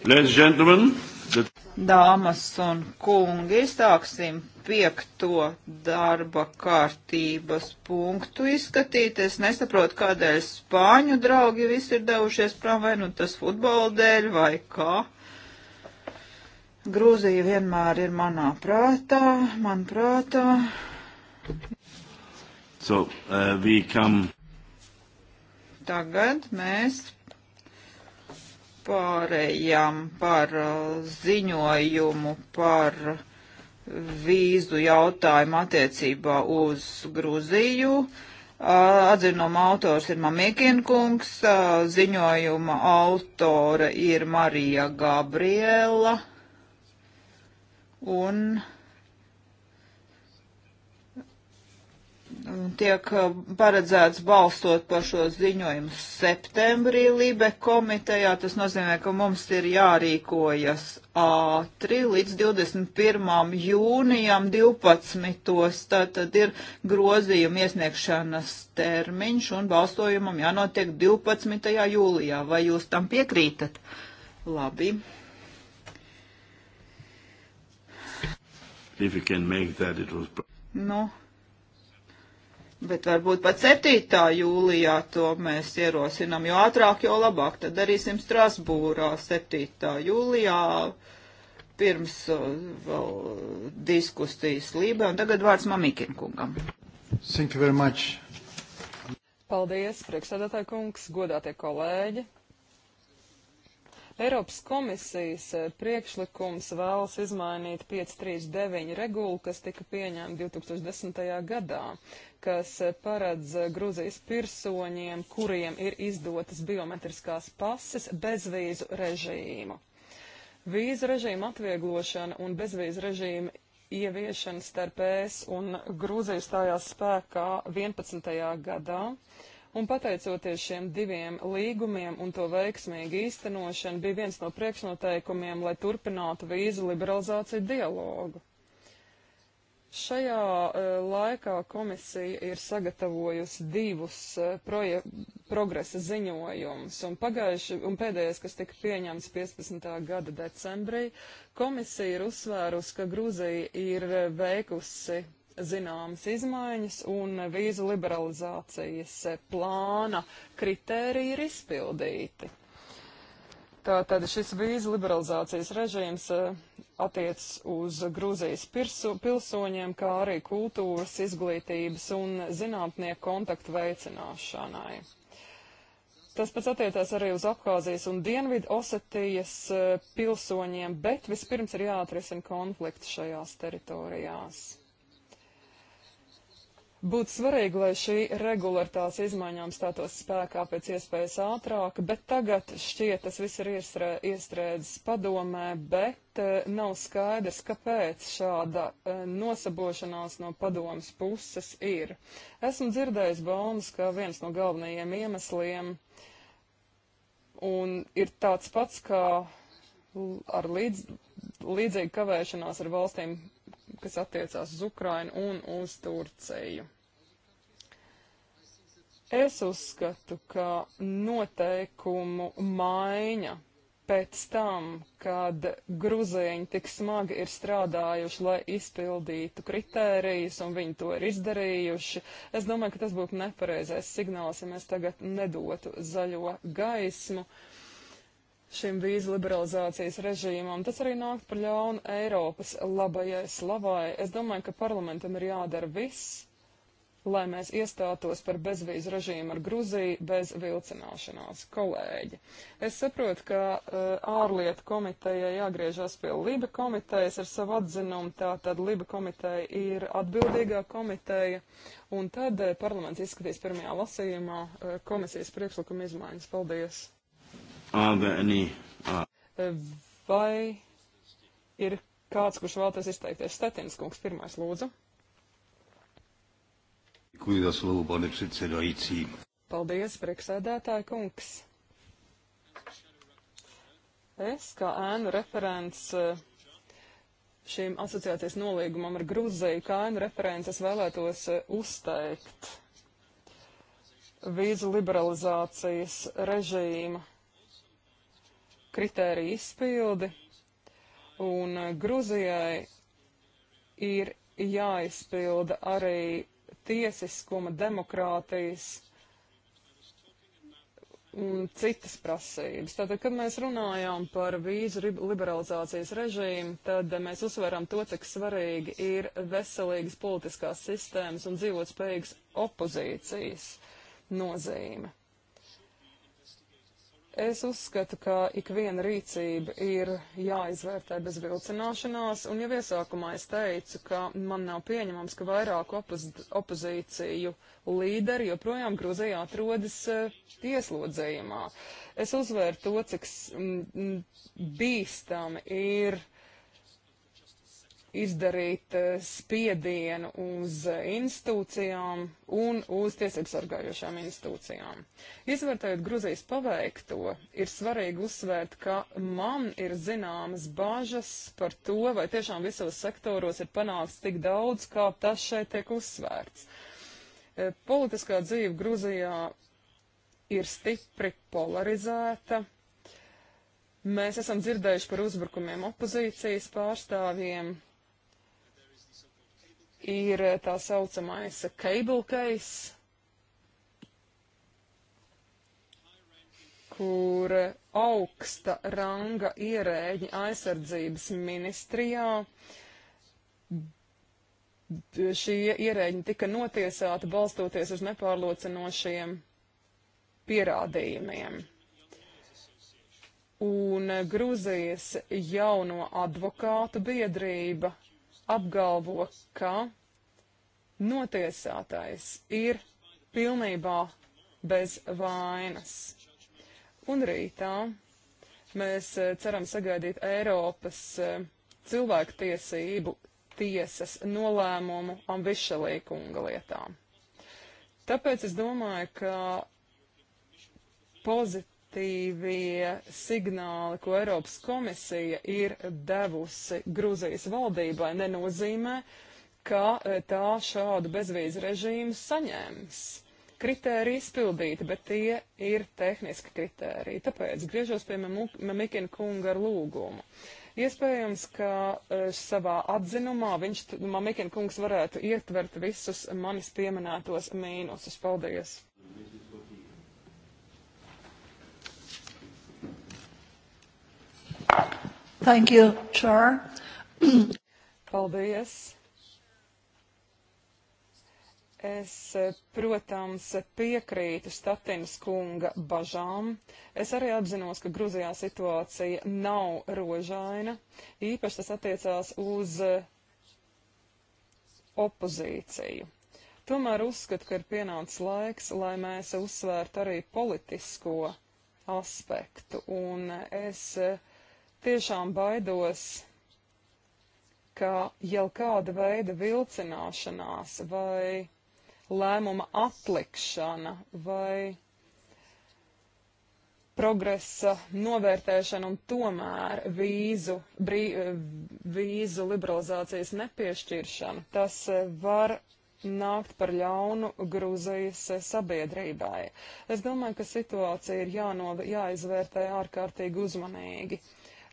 Dāmas un kungi, sāksim piekto darba kārtības punktu izskatīt. Es nesaprotu, kādēļ spāņu draugi visi ir devušies prom, vai nu tas futbola dēļ, vai kā. Grūzija vienmēr ir manā prātā, man prātā. So, uh, we come. Tagad mēs pārējām par uh, ziņojumu par vīzu jautājumu attiecībā uz Gruziju. Uh, atzinuma autors ir Mamiekienkungs, uh, ziņojuma autora ir Marija Gabriela un tiek uh, paredzēts balstot par šo ziņojumu septembrī Libe komitejā. Tas nozīmē, ka mums ir jārīkojas ātri līdz 21. jūnijam 12. Tātad ir grozījuma iesniegšanas termiņš un balstojumam jānotiek 12. jūlijā. Vai jūs tam piekrītat? Labi. If you can make that, it was. No. Nu, Bet varbūt pat 7. jūlijā to mēs ierosinām, jo ātrāk, jo labāk. Tad darīsim Strasbūrā 7. jūlijā pirms uh, vēl diskusijas lībē. Un tagad vārds Mamikin kungam. Thank you very much. Paldies, priekšsēdētāji kungs, godātie kolēģi. Eiropas komisijas eh, priekšlikums vēlas izmainīt 539 regulu, kas tika pieņemta 2010. gadā, kas eh, paredz eh, Gruzijas pirsoņiem, kuriem ir izdotas biometriskās pases, bezvīzu režīmu. Vīzu režīmu atvieglošana un bezvīzu režīmu ieviešana starp ES un Gruziju stājās spēkā 11. gadā un pateicoties šiem diviem līgumiem un to veiksmīgu īstenošanu bija viens no priekšnoteikumiem, lai turpinātu vīzu liberalizāciju dialogu. Šajā uh, laikā komisija ir sagatavojusi divus uh, progresa ziņojumus, un, pagājuši, un pēdējais, kas tika pieņemts 15. gada decembrī, komisija ir uzsvērusi, ka Grūzija ir veikusi zināmas izmaiņas un vīzu liberalizācijas plāna kritēriji ir izpildīti. Tātad šis vīzu liberalizācijas režīms eh, attiec uz Grūzijas pirsu, pilsoņiem, kā arī kultūras, izglītības un zinātnieku kontaktu veicināšanai. Tas pats attiecās arī uz Abhāzijas un Dienvidu Osetijas eh, pilsoņiem, bet vispirms ir jāatrisina konflikti šajās teritorijās. Būtu svarīgi, lai šī regula ar tās izmaiņām stātos spēkā pēc iespējas ātrāk, bet tagad šķiet tas viss ir iestrē, iestrēdzis padomē, bet eh, nav skaidrs, kāpēc šāda eh, nosabošanās no padomas puses ir. Esmu dzirdējis baumas, ka viens no galvenajiem iemesliem un ir tāds pats, kā ar līdz, līdzīgu kavēšanās ar valstīm kas attiecās uz Ukrainu un uz Turciju. Es uzskatu, ka noteikumu maiņa pēc tam, kad gruzēņi tik smagi ir strādājuši, lai izpildītu kritērijus, un viņi to ir izdarījuši, es domāju, ka tas būtu nepareizais signāls, ja mēs tagad nedotu zaļo gaismu. Uh, šim vīzu liberalizācijas režīmam. Tas arī nāk par ļaunu Eiropas labajai slavai. Es domāju, ka parlamentam ir jādara viss, lai mēs iestātos par bezvīzu režīmu ar Gruziju bez vilcināšanās. Kolēģi, es saprotu, ka uh, ārlietu komiteja jāgriežas pie Liba komitejas ar savu atzinumu, tātad Liba komiteja ir atbildīgā komiteja, un tad uh, parlaments izskatīs pirmajā lasījumā uh, komisijas priekšlikuma izmaiņas. Paldies! Are there any? Uh... Vai ir kāds, kurš vēlties izteikties? Stetins kungs, pirmais lūdzu. Děkuji za slovo, pane předsedající. Paldies, priekšsēdētāja kungs. Es kā ēnu referents šīm asociācijas nolīgumam ar Gruziju, kā ēnu referents es vēlētos uzteikt vīzu liberalizācijas režīmu kritēriju izpildi, un eh, Gruzijai ir jāizpilda arī tiesiskuma, demokrātijas un citas prasības. Tātad, kad mēs runājām par vīzu liberalizācijas režīmu, tad mēs uzsveram to, cik svarīgi ir veselīgas politiskās sistēmas un dzīvotspējīgas opozīcijas nozīme. Es uzskatu, ka ikviena rīcība ir jāizvērtē bez vilcināšanās, un jau iesākumā es teicu, ka man nav pieņemams, ka vairāku opoz opozīciju līderi joprojām Gruzijā atrodas eh, ieslodzījumā. Es uzvēru to, cik bīstami ir uh, izdarīt eh, spiedienu uz institūcijām un uz tiesībsargājošām institūcijām. Izvērtējot Gruzijas paveikto, ir svarīgi uzsvērt, ka man ir zināmas bažas par to, vai tiešām visos sektoros ir panāks tik daudz, kā tas šeit tiek uzsvērts. Eh, politiskā dzīve Gruzijā ir stipri polarizēta. Mēs esam dzirdējuši par uzbrukumiem opozīcijas pārstāvjiem, ir eh, tā saucamais cable case, kur augsta ranga ierēģi aizsardzības ministrijā. Šie ierēģi tika notiesāti balstoties uz nepārlocinošiem pierādījumiem. Un Grūzijas jauno advokātu biedrība apgalvo, ka notiesātais ir pilnībā bez vainas. Un rītā mēs eh, ceram sagaidīt Eiropas eh, cilvēktiesību tiesas nolēmumu Ambišalī kunga lietā. Tāpēc es domāju, ka pozitīvie signāli, ko Eiropas komisija ir devusi Gruzijas valdībai, nenozīmē, uh, ka e, tā šādu bezvīzu režīmu saņēmis. Kritēriji izpildīti, bet tie ir tehniski kritēriji. Tāpēc griežos pie Mamikina kunga ar lūgumu. Iespējams, ka uh, savā atzinumā viņš, Mamikina kungs, varētu ietvert visus manis pieminētos mīnusus. Paldies! Thank you, Chair. Paldies! Es, protams, piekrītu Statinas kunga bažām. Es arī apzinos, ka Gruzijā situācija nav rožaina. Īpaši tas attiecās uz eh, opozīciju. Tomēr uzskatu, ka ir pienācis laiks, lai mēs uzsvērtu arī politisko aspektu. Un es eh, tiešām baidos, ka jau kāda veida vilcināšanās vai lēmuma atlikšana vai progresa novērtēšana un tomēr vīzu, brī, vīzu liberalizācijas nepiešķiršana, tas var nākt par ļaunu Grūzijas sabiedrībai. Es domāju, ka situācija ir jānova, jāizvērtē ārkārtīgi uzmanīgi.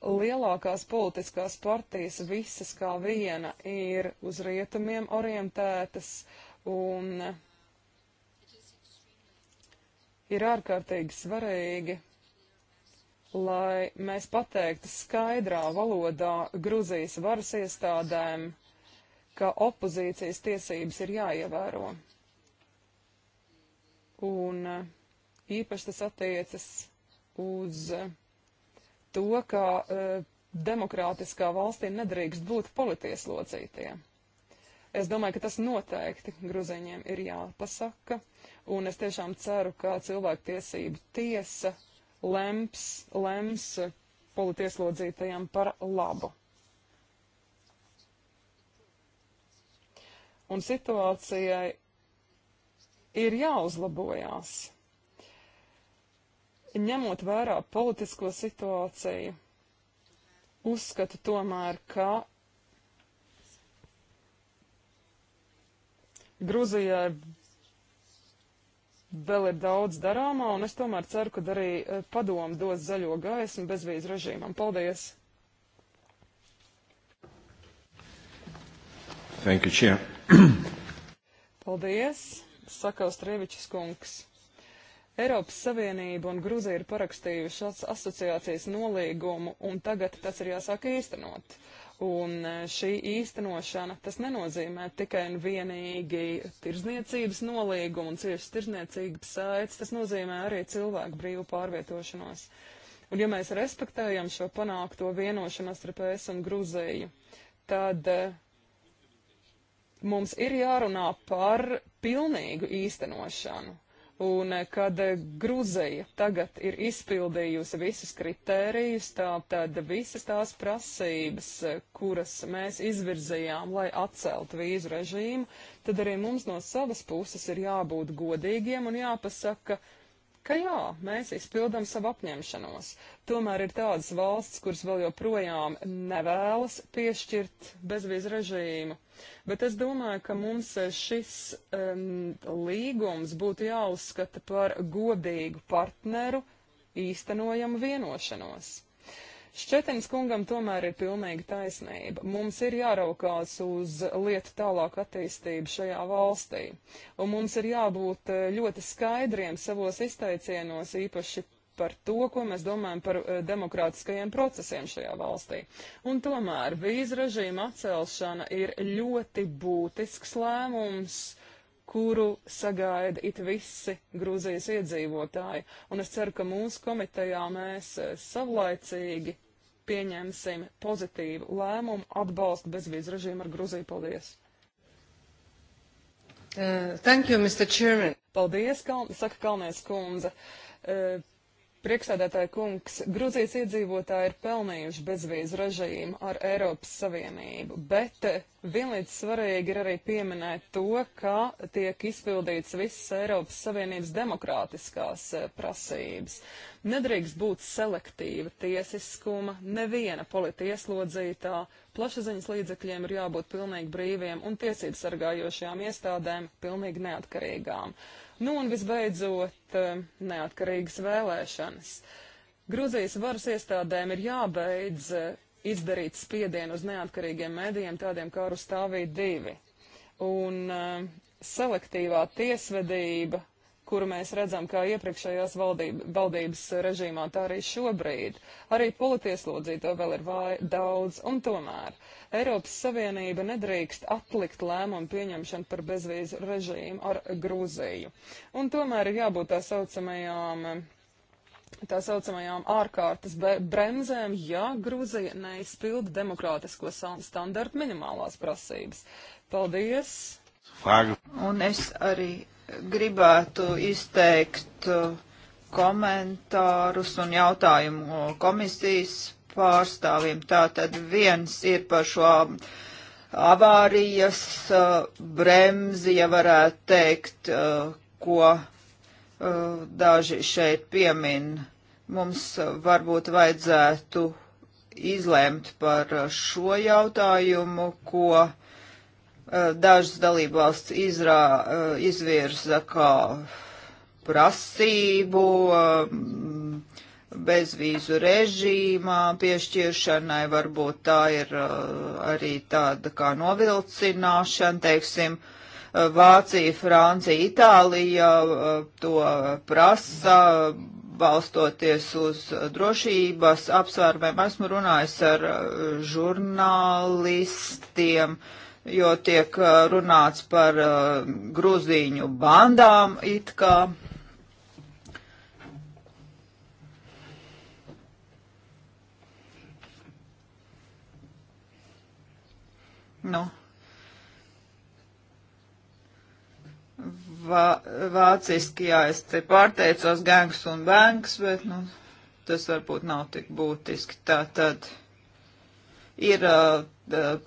Lielākās politiskās partijas visas kā viena ir uz rietumiem orientētas, uh, Un ir ārkārtīgi svarīgi, lai mēs pateiktu skaidrā valodā Gruzijas varas iestādēm, ka opozīcijas tiesības ir jāievēro. Un eh, īpaši tas attiecas uz eh, to, ka e, demokrātiskā valstī nedrīkst būt politieslocītiem. Es domāju, ka tas noteikti gruziņiem ir jāpasaka, un es tiešām ceru, ka cilvēktiesību tiesa lems, lems politieslodzītajiem par labu. Un situācijai ir jāuzlabojās. Ņemot vērā politisko situāciju, uzskatu tomēr, ka Gruzijai vēl ir daudz darāmā, un es tomēr ceru, ka arī e, padomu dos zaļo gaismu bezvīzu režīmam. Paldies! Thank you, Chair. Paldies, saka Austrievičs kungs. Eiropas Savienība un Gruzija ir parakstījušas asociācijas nolīgumu, un tagad tas ir jāsāk īstenot. Un e, šī īstenošana, tas nenozīmē tikai un vienīgi tirzniecības nolīgumu un ciešas tirzniecības saites, tas nozīmē arī cilvēku brīvu pārvietošanos. Un ja mēs respektējam šo panākto vienošanos starp ES un Gruziju, tad e, mums ir jārunā par pilnīgu īstenošanu. Un eh, kad eh, Gruzija tagad ir izpildījusi visus kritērijus, tātad visas tās prasības, eh, kuras mēs izvirzījām, lai atceltu vīzu režīmu, tad arī mums no savas puses ir jābūt godīgiem un jāpasaka, ka jā, mēs izpildam savu apņemšanos. Tomēr ir tādas valsts, kuras vēl joprojām nevēlas piešķirt bezvīzu režīmu. Bet es domāju, ka mums šis um, līgums būtu jāuzskata par godīgu partneru īstenojamu vienošanos. Šķetins kungam tomēr ir pilnīga taisnība. Mums ir jāraukās uz lietu tālāk attīstību šajā valstī, un mums ir jābūt eh, ļoti skaidriem savos izteicienos, īpaši par to, ko mēs domājam par uh, demokrātiskajiem procesiem šajā valstī. Un tomēr vīzu režīma atcelšana ir ļoti būtisks lēmums kuru sagaida it visi Grūzijas iedzīvotāji. Un es ceru, ka mūsu komitejā mēs eh, savlaicīgi pieņemsim pozitīvu lēmumu atbalstu bezvīzu režīmu ar Gruziju. Paldies! Uh, thank you, Mr. Chairman. Paldies, Kal saka Kalnies kundze. Uh, Priekšsēdētāja kungs, Gruzijas iedzīvotāji ir pelnījuši bezvīzu režīmu ar Eiropas Savienību, bet vienlīdz svarīgi ir arī pieminēt to, ka tiek izpildīts visas Eiropas Savienības demokrātiskās eh, prasības. Nedrīkst būt selektīva tiesiskuma, neviena politieslodzītā, plašsaziņas līdzekļiem ir jābūt pilnīgi brīviem un tiesības sargājošajām iestādēm pilnīgi neatkarīgām. Nu un visbeidzot, eh, neatkarīgas vēlēšanas. Gruzijas varas iestādēm ir jābeidz eh, izdarīt spiedienu uz neatkarīgiem mēdījiem, tādiem kā Rustāvī divi. Un eh, selektīvā tiesvedība kuru mēs redzam kā iepriekšējās valdība, valdības režīmā, tā arī šobrīd. Arī politieslodzīto vēl ir vāj, daudz, un tomēr Eiropas Savienība nedrīkst atlikt lēmumu pieņemšanu par bezvīzu režīmu ar Grūziju. Un tomēr ir jābūt tā saucamajām. Tā saucamajām ārkārtas bremzēm, ja Grūzija neizpilda demokrātisko standartu minimālās prasības. Paldies! Frage. Un es arī gribētu izteikt uh, komentārus un jautājumu komisijas pārstāvjiem. Tātad viens ir par šo avārijas uh, bremzi, ja varētu teikt, uh, ko daži šeit piemin. Mums varbūt vajadzētu izlēmt par šo jautājumu, ko uh, Eh, dažas dalībvalsts izrā, eh, izvirza kā prasību eh, bezvīzu režīmā piešķiršanai, varbūt tā ir arī tāda kā novilcināšana, teiksim, Vācija, Francija, Itālija to prasa, balstoties uz drošības apsvērumiem. Esmu runājis ar žurnālistiem. Uh, jo tiek uh, runāts par uh, gruzīņu bandām it kā. Nu. Vā, vāciski, jā, es te pārteicos gangs un banks, bet, nu, tas varbūt nav tik būtiski. Tā tad ir uh,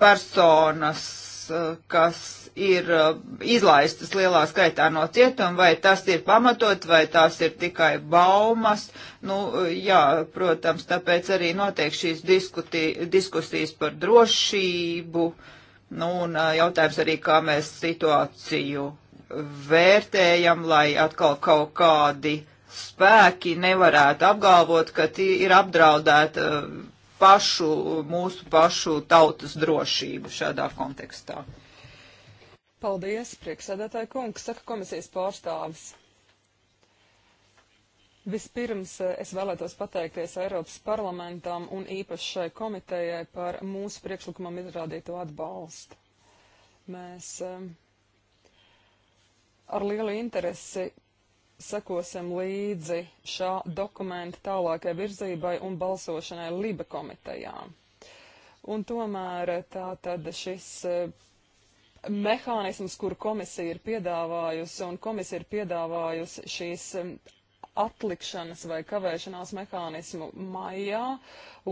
personas Eh, kas ir eh, izlaistas lielā skaitā no cietuma, vai tas ir pamatot, vai tās ir tikai baumas. Nu, eh, jā, protams, tāpēc arī notiek šīs diskuti, diskusijas par drošību, nu, un jautājums arī, kā mēs situāciju vērtējam, lai atkal kaut kādi spēki nevarētu apgalvot, ka tie ir apdraudēta pašu, mūsu pašu tautas drošību šādā kontekstā. Paldies, prieksēdētāji kungs, saka komisijas pārstāvis. Vispirms eh, es vēlētos pateikties Eiropas parlamentam un īpaši šai komitejai par mūsu priekšlikumam izrādīto atbalstu. Mēs eh, ar lielu interesi sekosim līdzi šā dokumenta tālākai virzībai un balsošanai Liba komitejā. Un tomēr tā tad šis eh, mehānisms, kur komisija ir piedāvājusi, un komisija ir piedāvājusi šīs eh, atlikšanas vai kavēšanās mehānismu maijā,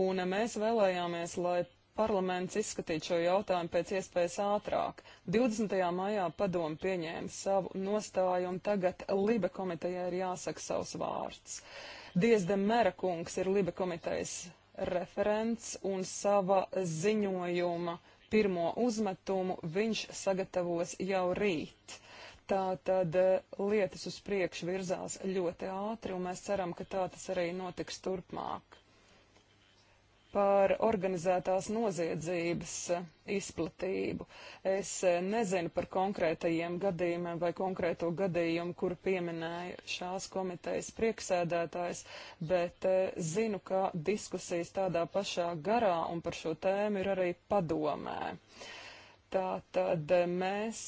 un eh, mēs vēlējāmies, lai parlaments izskatīt šo jautājumu pēc iespējas ātrāk. 20. maijā padomu pieņēma savu nostāju un tagad Libe komitejai ir jāsaka savs vārds. Diezdem Mera kungs ir Libe komitejas referents un sava ziņojuma pirmo uzmetumu viņš sagatavos jau rīt. Tā tad eh, lietas uz priekšu virzās ļoti ātri, un mēs ceram, ka tā tas arī notiks turpmāk par organizētās noziedzības eh, izplatību. Es eh, nezinu par konkrētajiem gadījumiem vai konkrēto gadījumu, kur pieminēja šās komitejas prieksēdētājs, bet eh, zinu, ka diskusijas tādā pašā garā un par šo tēmu ir arī padomē. Tātad mēs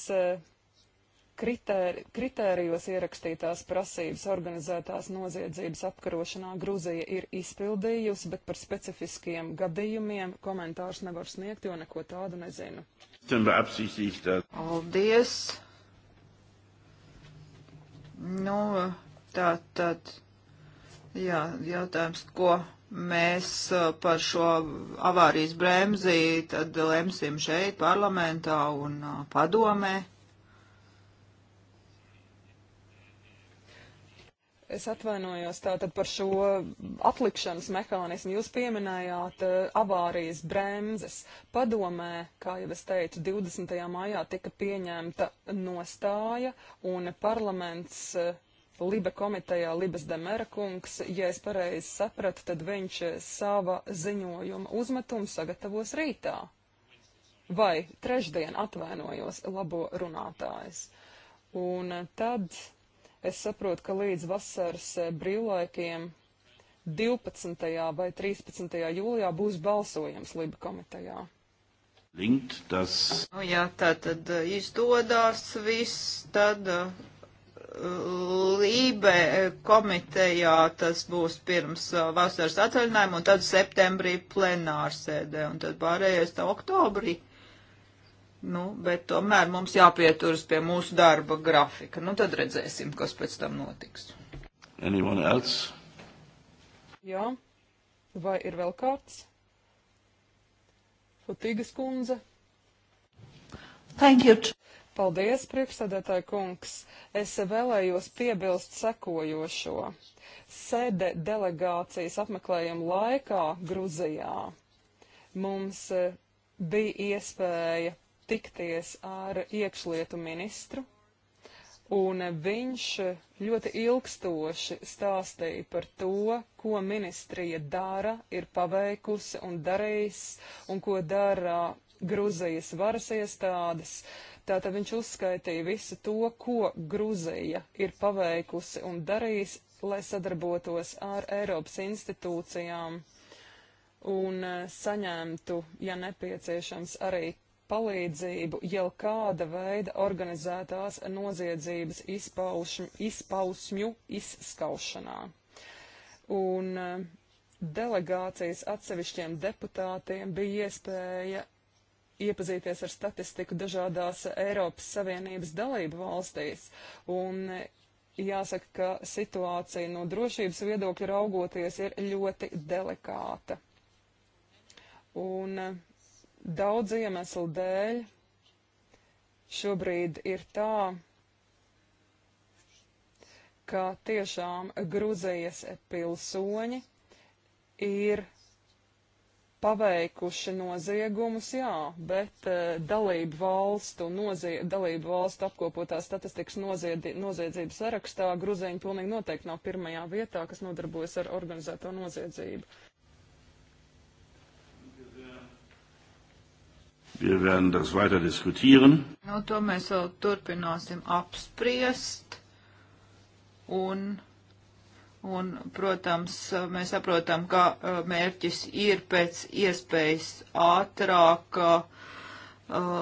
kritēri, kritērijos ierakstītās prasības organizētās noziedzības apkarošanā Gruzija ir izpildījusi, bet par specifiskiem gadījumiem komentārus nevar sniegt, jo neko tādu nezinu. Paldies! Nu, tā tad, jā, jautājums, ko mēs par šo avārijas bremzi tad lemsim šeit parlamentā un padomē. Es atvainojos tātad par šo atlikšanas mehānismu. Jūs pieminējāt uh, avārijas bremzes. Padomē, kā jau es teicu, 20. maijā tika pieņemta nostāja un parlaments uh, Libe komitejā Libes Demera kungs, ja es pareizi sapratu, tad viņš eh, sava ziņojuma uzmetumu sagatavos rītā. Vai trešdien atvainojos labo runātājs. Un tad Es saprotu, ka līdz vasaras eh, brīvlaikiem 12. vai 13. jūlijā būs balsojums Liba komitejā. Linkt, tas... Nu, jā, tā tad eh, izdodās viss, tad eh, Lībe komitejā tas būs pirms vasaras atvaļinājuma un tad septembrī plenārsēdē un tad pārējais tā oktobrī. Nu, bet tomēr mums jāpieturas pie mūsu darba grafika. Nu, tad redzēsim, kas pēc tam notiks. Anyone else? Jā. Vai ir vēl kāds? Futīgas kundze. Thank you. Paldies, priekšsēdētāji kungs. Es vēlējos piebilst sekojošo. Sēde delegācijas apmeklējuma laikā Gruzijā mums bija iespēja tikties ar iekšlietu ministru, un viņš ļoti ilgstoši stāstīja par to, ko ministrija dara, ir paveikusi un darījis, un ko dara Gruzijas varas iestādes. Tātad viņš uzskaitīja visu to, ko Gruzija ir paveikusi un darījis, lai sadarbotos ar Eiropas institūcijām un eh, saņemtu, ja nepieciešams, arī palīdzību jau kāda veida organizētās noziedzības izpaušņu, izpausmju izskaušanā. Un eh, delegācijas atsevišķiem deputātiem bija iespēja iepazīties ar statistiku dažādās Eiropas Savienības dalību valstīs. Un eh, jāsaka, ka situācija no drošības viedokļa raugoties ir ļoti delikāta. Un eh, daudz iemeslu dēļ šobrīd ir tā, ka tiešām Gruzijas pilsoņi ir paveikuši noziegumus, jā, bet e, dalību valstu, nozie, dalību valstu apkopotā statistikas noziedzi, noziedzības sarakstā Gruziņa pilnīgi noteikti nav pirmajā vietā, kas nodarbojas ar organizēto noziedzību. Wir werden das weiter diskutieren. Nu, to mēs vēl turpināsim apspriest. Un, un, protams, mēs saprotam, ka uh, mērķis ir pēc iespējas ātrāk uh,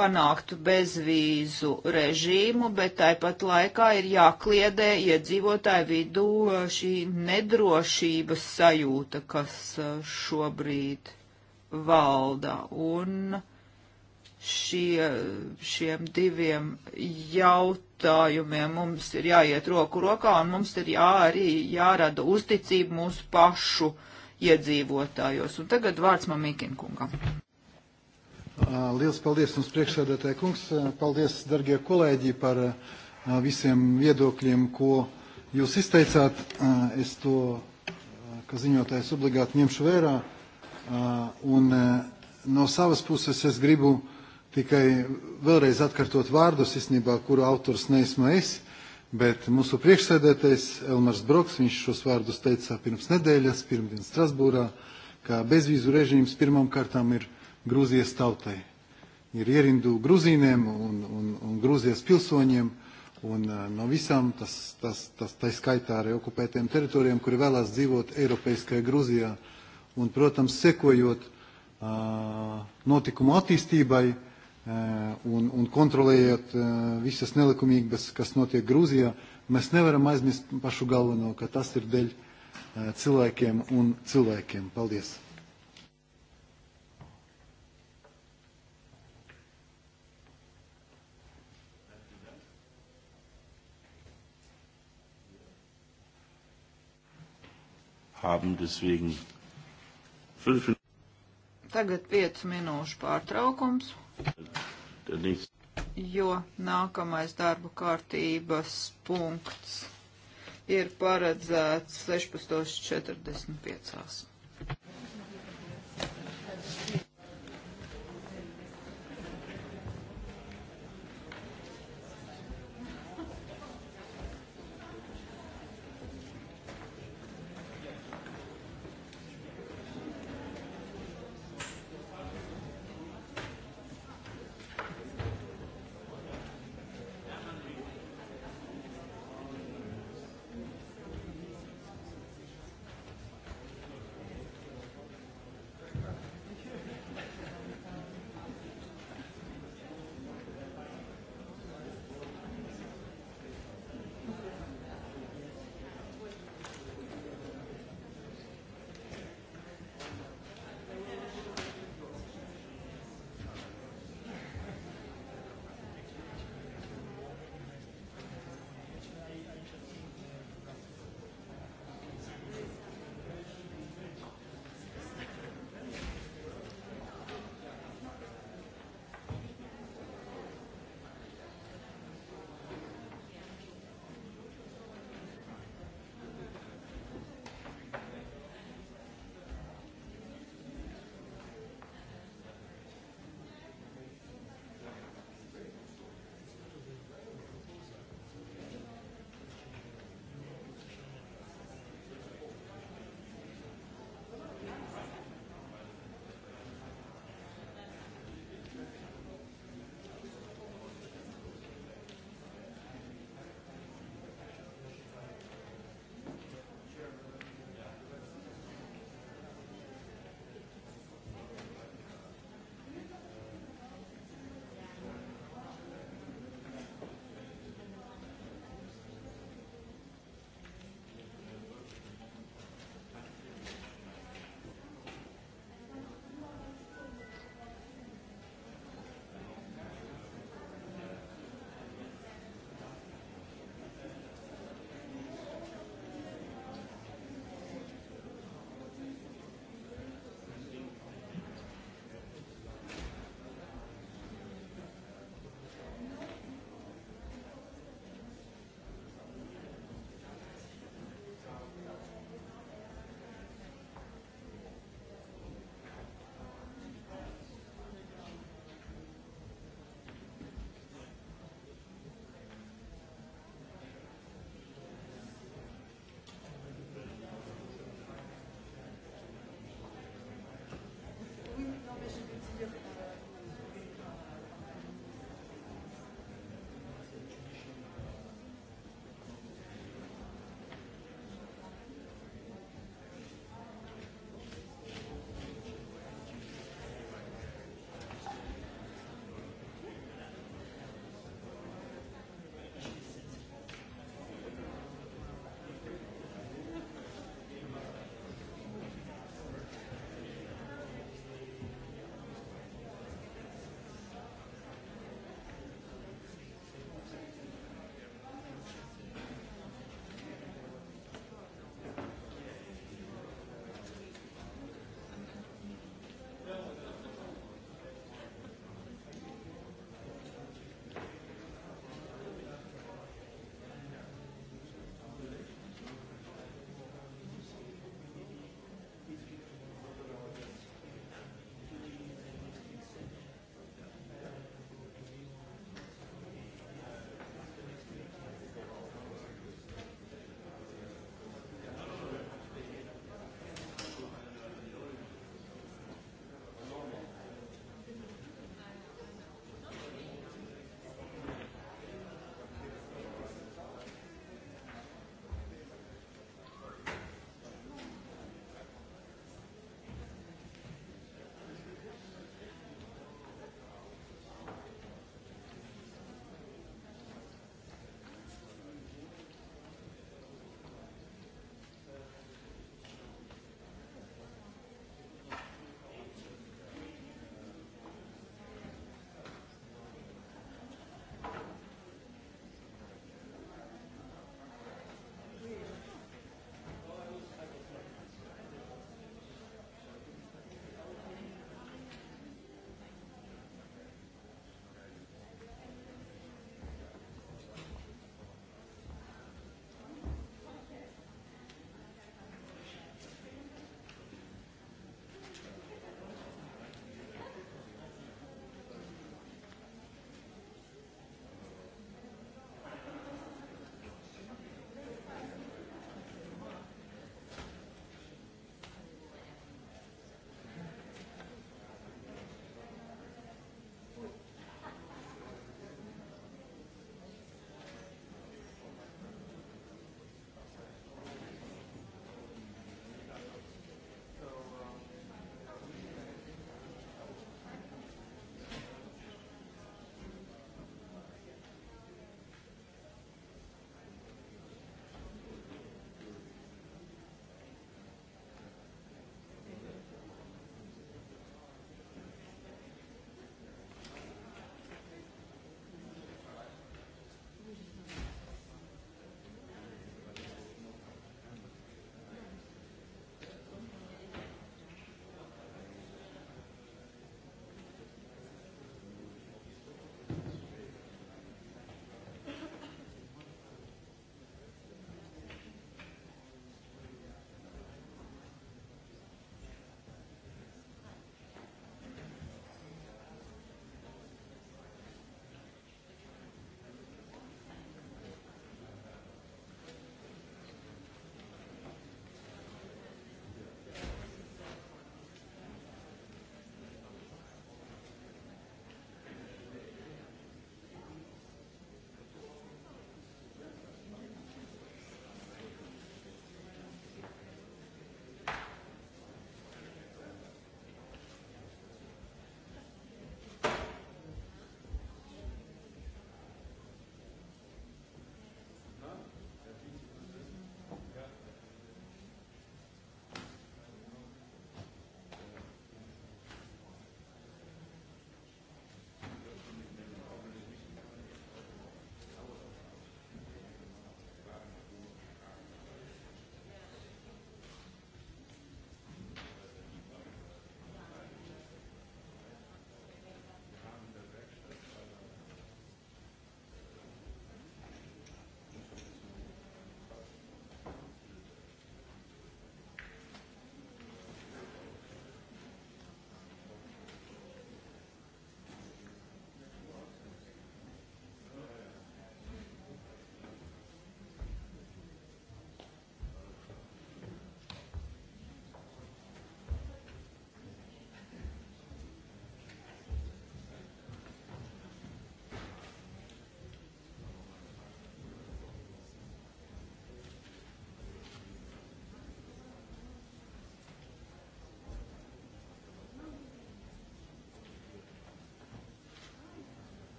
panākt bezvīzu režīmu, bet tāpat laikā ir jākliedē iedzīvotāju vidū uh, šī nedrošības sajūta, kas uh, šobrīd ir valda. Un šie, šiem diviem jautājumiem mums ir jāiet roku rokā, un mums ir jā, arī jārada uzticība mūsu pašu iedzīvotājos. Un tagad vārds Mamīkin kungam. Liels paldies mums priekšsēdētāji kungs. Paldies, dargie kolēģi, par visiem viedokļiem, ko jūs izteicāt. Es to, kā ziņotājs, obligāti ņemšu vērā. Un e, no savas puses es gribu tikai vēlreiz atkārtot vārdus, īstenībā, kuru autors neesmu es, bet mūsu priekšsēdētais Elmars Broks, viņš šos vārdus teica pirms nedēļas, pirmdien Strasbūrā, ka bezvīzu režīms pirmām kārtām ir Grūzijas tautai. Ir ierindu grūzīniem un, un, un Grūzijas pilsoņiem un e, no visām, tas, tas, tas, tā skaitā arī okupētiem teritorijām, kuri vēlās dzīvot Eiropeiskajā Grūzijā, uh, un, protams, sekojot notikumu attīstībai un, un kontrolējot visas nelikumīgas, kas notiek Grūzijā, mēs nevaram aizmirst pašu galveno, ka tas ir dēļ cilvēkiem un cilvēkiem. Paldies! haben deswegen Tagad 5 minūšu pārtraukums, jo nākamais darba kārtības punkts ir paredzēts 16.45.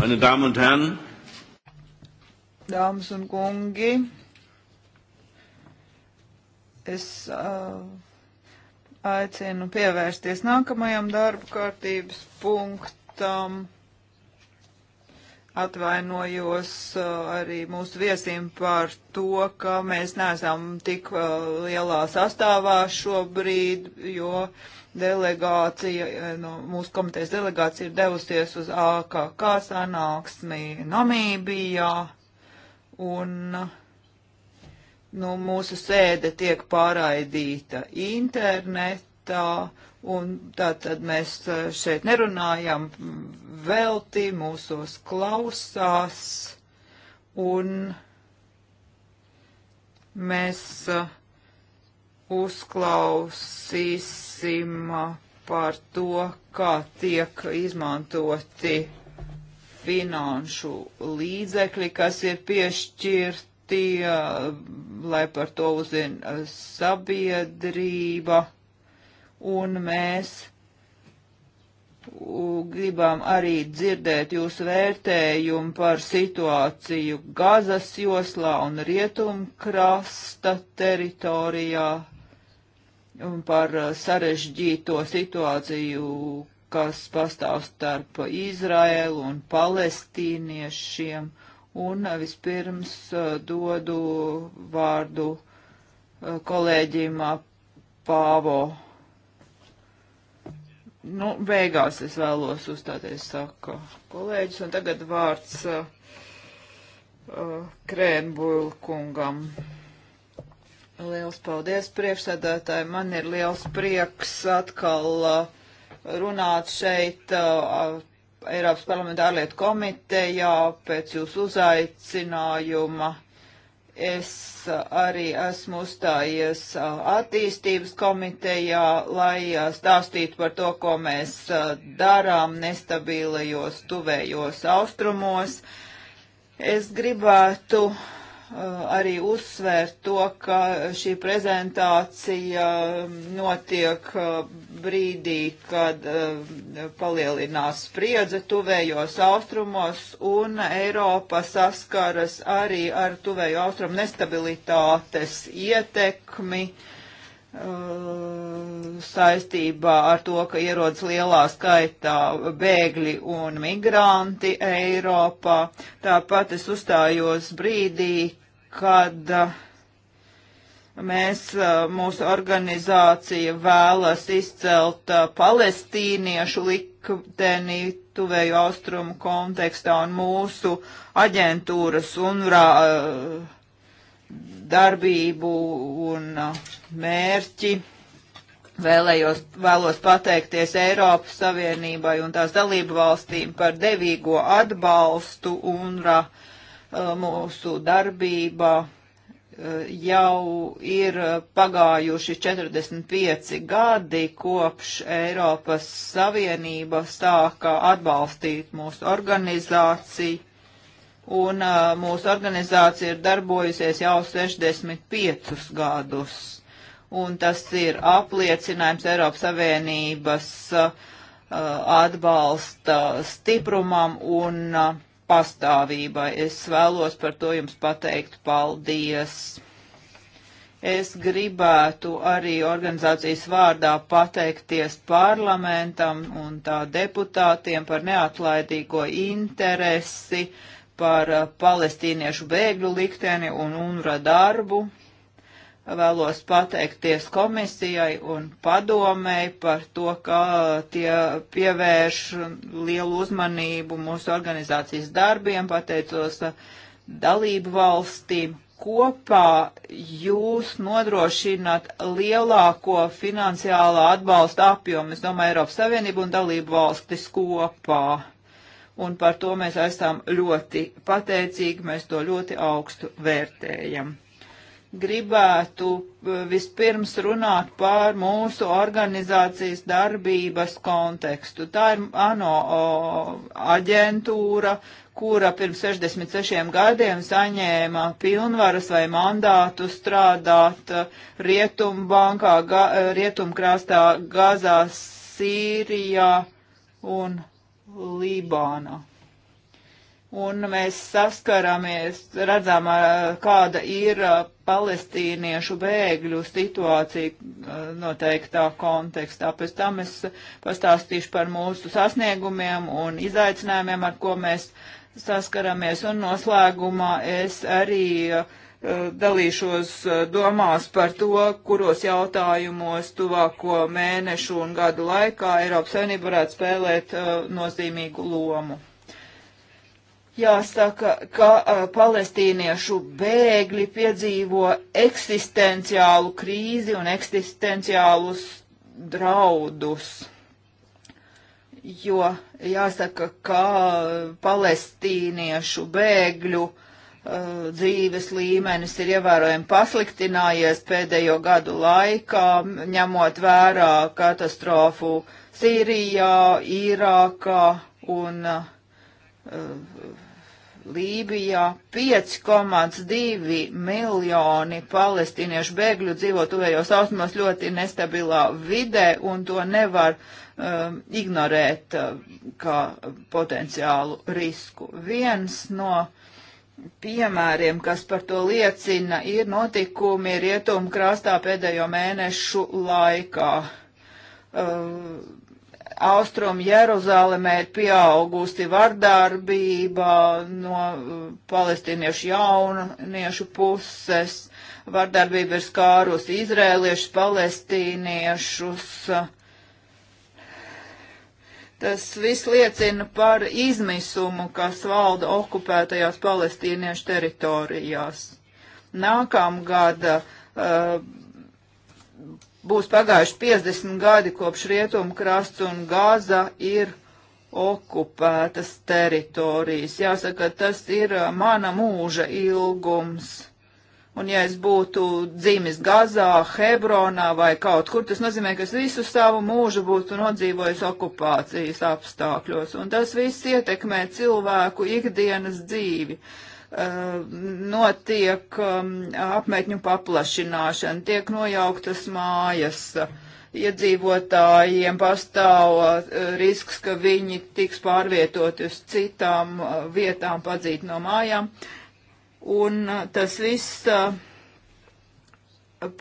Meine Damen und Herren, Dāmas un kungi, es uh, aicinu pievērsties nākamajam darba kārtības punktam atvainojos uh, arī mūsu viesim par to, ka mēs neesam tik uh, lielā sastāvā šobrīd, jo delegācija, uh, no, mūsu komitejas delegācija ir devusies uz AKK sanāksmi Namībijā, un nu, mūsu sēde tiek pārraidīta internetā budžetā, un tā tad mēs uh, šeit nerunājam velti, mūsos klausās, un mēs uh, uzklausīsim uh, par to, kā tiek izmantoti finanšu līdzekļi, kas ir piešķirti tie, lai par to uzzina sabiedrība un mēs gribam arī dzirdēt jūsu vērtējumu par situāciju Gazas joslā un Rietumkrasta teritorijā un par uh, sarežģīto situāciju, kas pastāv starp Izraēlu un palestīniešiem. Un uh, vispirms uh, dodu vārdu kolēģim Pāvo Nu, beigās es vēlos uzstāties, saka kolēģis, un tagad vārds uh, uh Krēnbuļu kungam. Liels paldies priekšsēdētāji. Man ir liels prieks atkal uh, runāt šeit uh, Eiropas parlamenta ārlietu komitejā pēc jūsu uzaicinājuma. Uh, Es arī esmu uzstājies attīstības komitejā, lai stāstītu par to, ko mēs darām nestabīlajos tuvējos austrumos. Es gribētu uh, Eh, arī uzsvērt to, ka šī prezentācija mm, notiek eh, brīdī, kad eh, palielinās spriedze tuvējos austrumos un Eiropa saskaras arī ar tuvējo austrumu nestabilitātes ietekmi saistībā ar to, ka ierodas lielā skaitā bēgļi un migranti Eiropā. Tāpat es uzstājos brīdī, kad uh, mēs, uh, mūsu organizācija vēlas izcelt uh, palestīniešu likteni tuvēju austrumu kontekstā un mūsu aģentūras un rā, darbību un mērķi. Vēlējos, vēlos pateikties Eiropas Savienībai un tās dalību valstīm par devīgo atbalstu UNRWA Uh, mūsu darbība uh, jau ir pagājuši 45 gadi kopš Eiropas Savienība sāka atbalstīt mūsu organizāciju, un uh, mūsu organizācija ir darbojusies jau 65 gadus. Un tas ir apliecinājums Eiropas Savienības atbalsta stiprumam un uh, pastāvībai. Es vēlos par to jums pateikt paldies. Es gribētu arī organizācijas vārdā pateikties parlamentam un tā deputātiem par neatlaidīgo interesi, par uh, palestīniešu bēgļu likteni un UNRA darbu. Vēlos pateikties komisijai un padomēji par to, ka tie pievērš lielu uzmanību mūsu organizācijas darbiem, pateicos dalību valstīm kopā jūs nodrošināt lielāko finansiālā atbalsta apjomu, es domāju, Eiropas Savienību un dalību valstis kopā. Un par to mēs esam ļoti pateicīgi, mēs to ļoti augstu vērtējam gribētu eh, vispirms runāt par mūsu organizācijas darbības kontekstu. Tā ir ANO aģentūra, kura pirms 66 gadiem saņēma pilnvaras vai mandātu strādāt eh, Rietumbankā, ga, eh, Rietumkrastā, Gazā, Sīrijā un Libānā. Un mēs saskaramies, redzam, kāda ir palestīniešu bēgļu situāciju uh, noteiktā kontekstā. Pēc tam es pastāstīšu par mūsu sasniegumiem un izaicinājumiem, ar ko mēs saskaramies. Un noslēgumā es arī uh, dalīšos uh, domās par to, kuros jautājumos tuvāko mēnešu un gadu laikā Eiropas Savienība varētu spēlēt uh, nozīmīgu lomu. Jāsaka, ka uh, palestīniešu bēgļi piedzīvo eksistenciālu krīzi un eksistenciālus draudus, jo jāsaka, ka palestīniešu bēgļu uh, dzīves līmenis ir ievērojami pasliktinājies pēdējo gadu laikā, ņemot vērā katastrofu Sīrijā, Irākā un uh, Lībijā 5,2 miljoni palestīniešu bēgļu dzīvo tuvējos austrumos ļoti nestabilā vidē, un to nevar um, ignorēt uh, kā potenciālu risku. Viens no piemēriem, kas par to liecina, ir notikumi rietumu krastā pēdējo mēnešu laikā. Uh, Austrum Jeruzālēmē ir pieaugusi vardarbība no uh, palestīniešu jauniešu puses. Vardarbība ir skārusi izrēliešus, palestīniešus. Tas viss liecina par izmisumu, kas valda okupētajās palestīniešu teritorijās. Nākamgada uh, būs pagājuši 50 gadi kopš rietumu krasts un Gaza ir okupētas teritorijas. Jāsaka, tas ir mana mūža ilgums. Un ja es būtu dzimis Gazā, Hebronā vai kaut kur, tas nozīmē, ka es visu savu mūžu būtu nodzīvojis okupācijas apstākļos. Un tas viss ietekmē cilvēku ikdienas dzīvi. Uh, Ehm, notiek ehm, apmetņu paplašināšana, tiek nojauktas mājas. Iedzīvotājiem pastāv eh, risks, ka viņi tiks pārvietoti uz citām eh, vietām, padzīt no mājām. Un eh, tas viss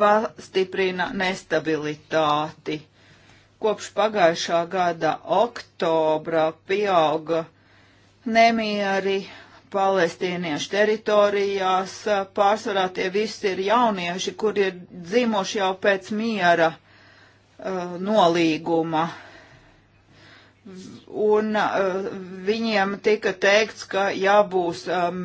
pastiprina nestabilitāti. Kopš pagājušā gada oktobra pieauga nemieri palestīniešu teritorijās. Pārsvarā tie visi ir jaunieši, kur ir dzimuši jau pēc miera uh, nolīguma un uh, viņiem tika teikts, ka ja būs um,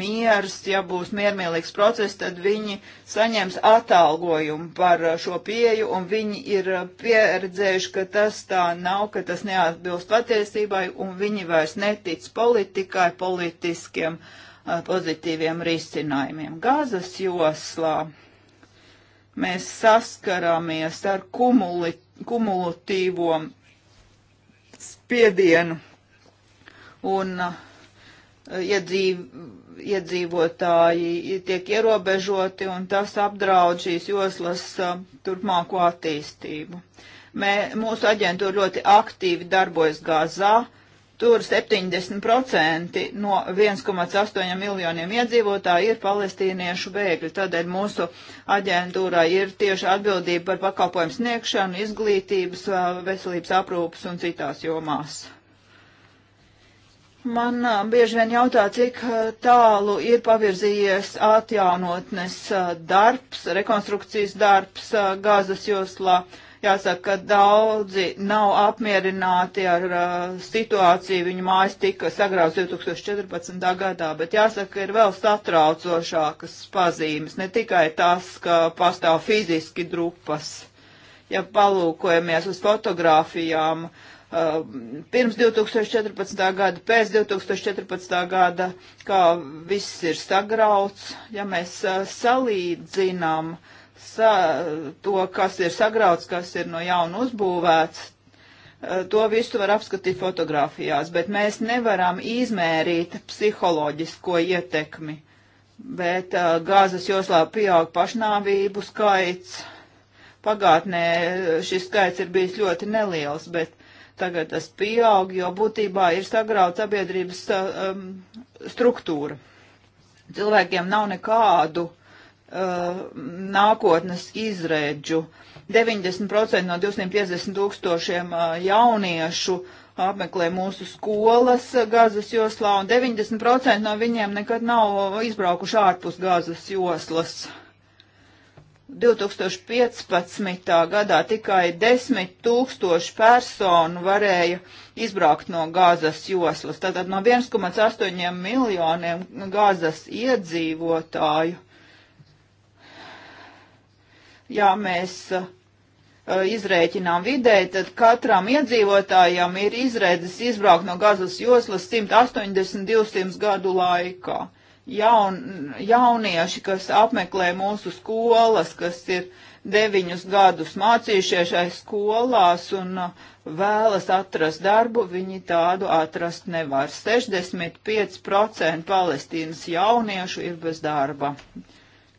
miers, ja būs miermīlīgs process, tad viņi saņems atalgojumu par eh, šo pieju, un viņi ir pieredzējuši, ka tas tā nav, ka tas neatbilst patiesībai, un viņi vairs netic politikai, politiskiem uh, pozitīviem risinājumiem. Gazas joslā mēs saskarāmies ar kumuli, kumulatīvo spiedienu un uh, iedzīv, iedzīvotāji tiek ierobežoti un tas apdraud šīs joslas uh, turpmāko attīstību. Mē, mūsu aģentūra ļoti aktīvi darbojas Gazā Tur 70% no 1,8 miljoniem iedzīvotāju ir palestīniešu bēgļi. Tādēļ mūsu aģentūrā ir tieši atbildība par pakalpojumu sniegšanu, izglītības, veselības aprūpas un citās jomās. Man bieži vien jautā, cik tālu ir pavirzījies atjaunotnes darbs, rekonstrukcijas darbs Gāzes joslā. Uh, Jāsaka, ka daudzi nav apmierināti ar uh, situāciju, viņu mājas tika sagrauts 2014. gadā, bet jāsaka, ka ir vēl satraucošākas pazīmes, ne tikai tas, ka pastāv fiziski drupas. Ja palūkojamies uz fotografijām, uh, pirms 2014. gada, pēc 2014. gada, kā viss ir sagrauts, ja mēs uh, salīdzinām, uh, sa, to, kas ir sagrauts, kas ir no jauna uzbūvēts, eh, to visu var apskatīt fotografijās, bet mēs nevaram izmērīt psiholoģisko ietekmi. Bet uh, gāzes joslā pieaug pašnāvību skaits. Pagātnē eh, šis skaits ir bijis ļoti neliels, bet tagad tas pieaug, jo būtībā ir sagrauta sabiedrības um, struktūra. Cilvēkiem nav nekādu Uh, nākotnes izredžu. 90% no 250 tūkstošiem uh, jauniešu apmeklē mūsu skolas uh, gazas joslā, un 90% no viņiem nekad nav izbraukuši ārpus gazas joslas. 2015. gadā tikai 10 tūkstoši personu varēja izbraukt no gazas joslas, tātad no 1,8 miljoniem gazas iedzīvotāju ja mēs uh, izrēķinām vidēji, tad katram iedzīvotājam ir izredzes izbraukt no gazas joslas 180-200 gadu laikā. Jaun, jaunieši, kas apmeklē mūsu skolas, kas ir deviņus gadus mācījušies šai skolās un uh, vēlas atrast darbu, viņi tādu atrast nevar. 65% Palestīnas jauniešu ir bez darba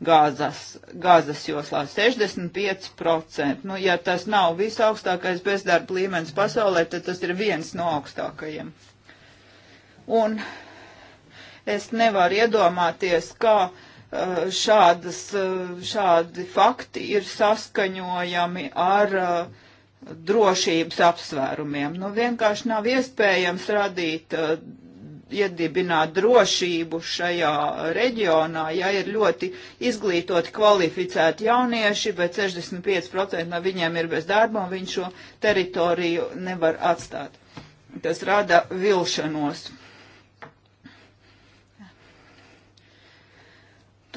gāzas, gāzas joslā 65%. Nu, ja tas nav visaugstākais bezdarba līmenis pasaulē, tad tas ir viens no augstākajiem. Un es nevaru iedomāties, kā uh, šādas, uh, šādi fakti ir saskaņojami ar uh, drošības apsvērumiem. Nu, vienkārši nav iespējams radīt iedibināt drošību šajā reģionā, ja ir ļoti izglītoti, kvalificēti jaunieši, bet 65% no viņiem ir bez darba un viņi šo teritoriju nevar atstāt. Tas rada vilšanos.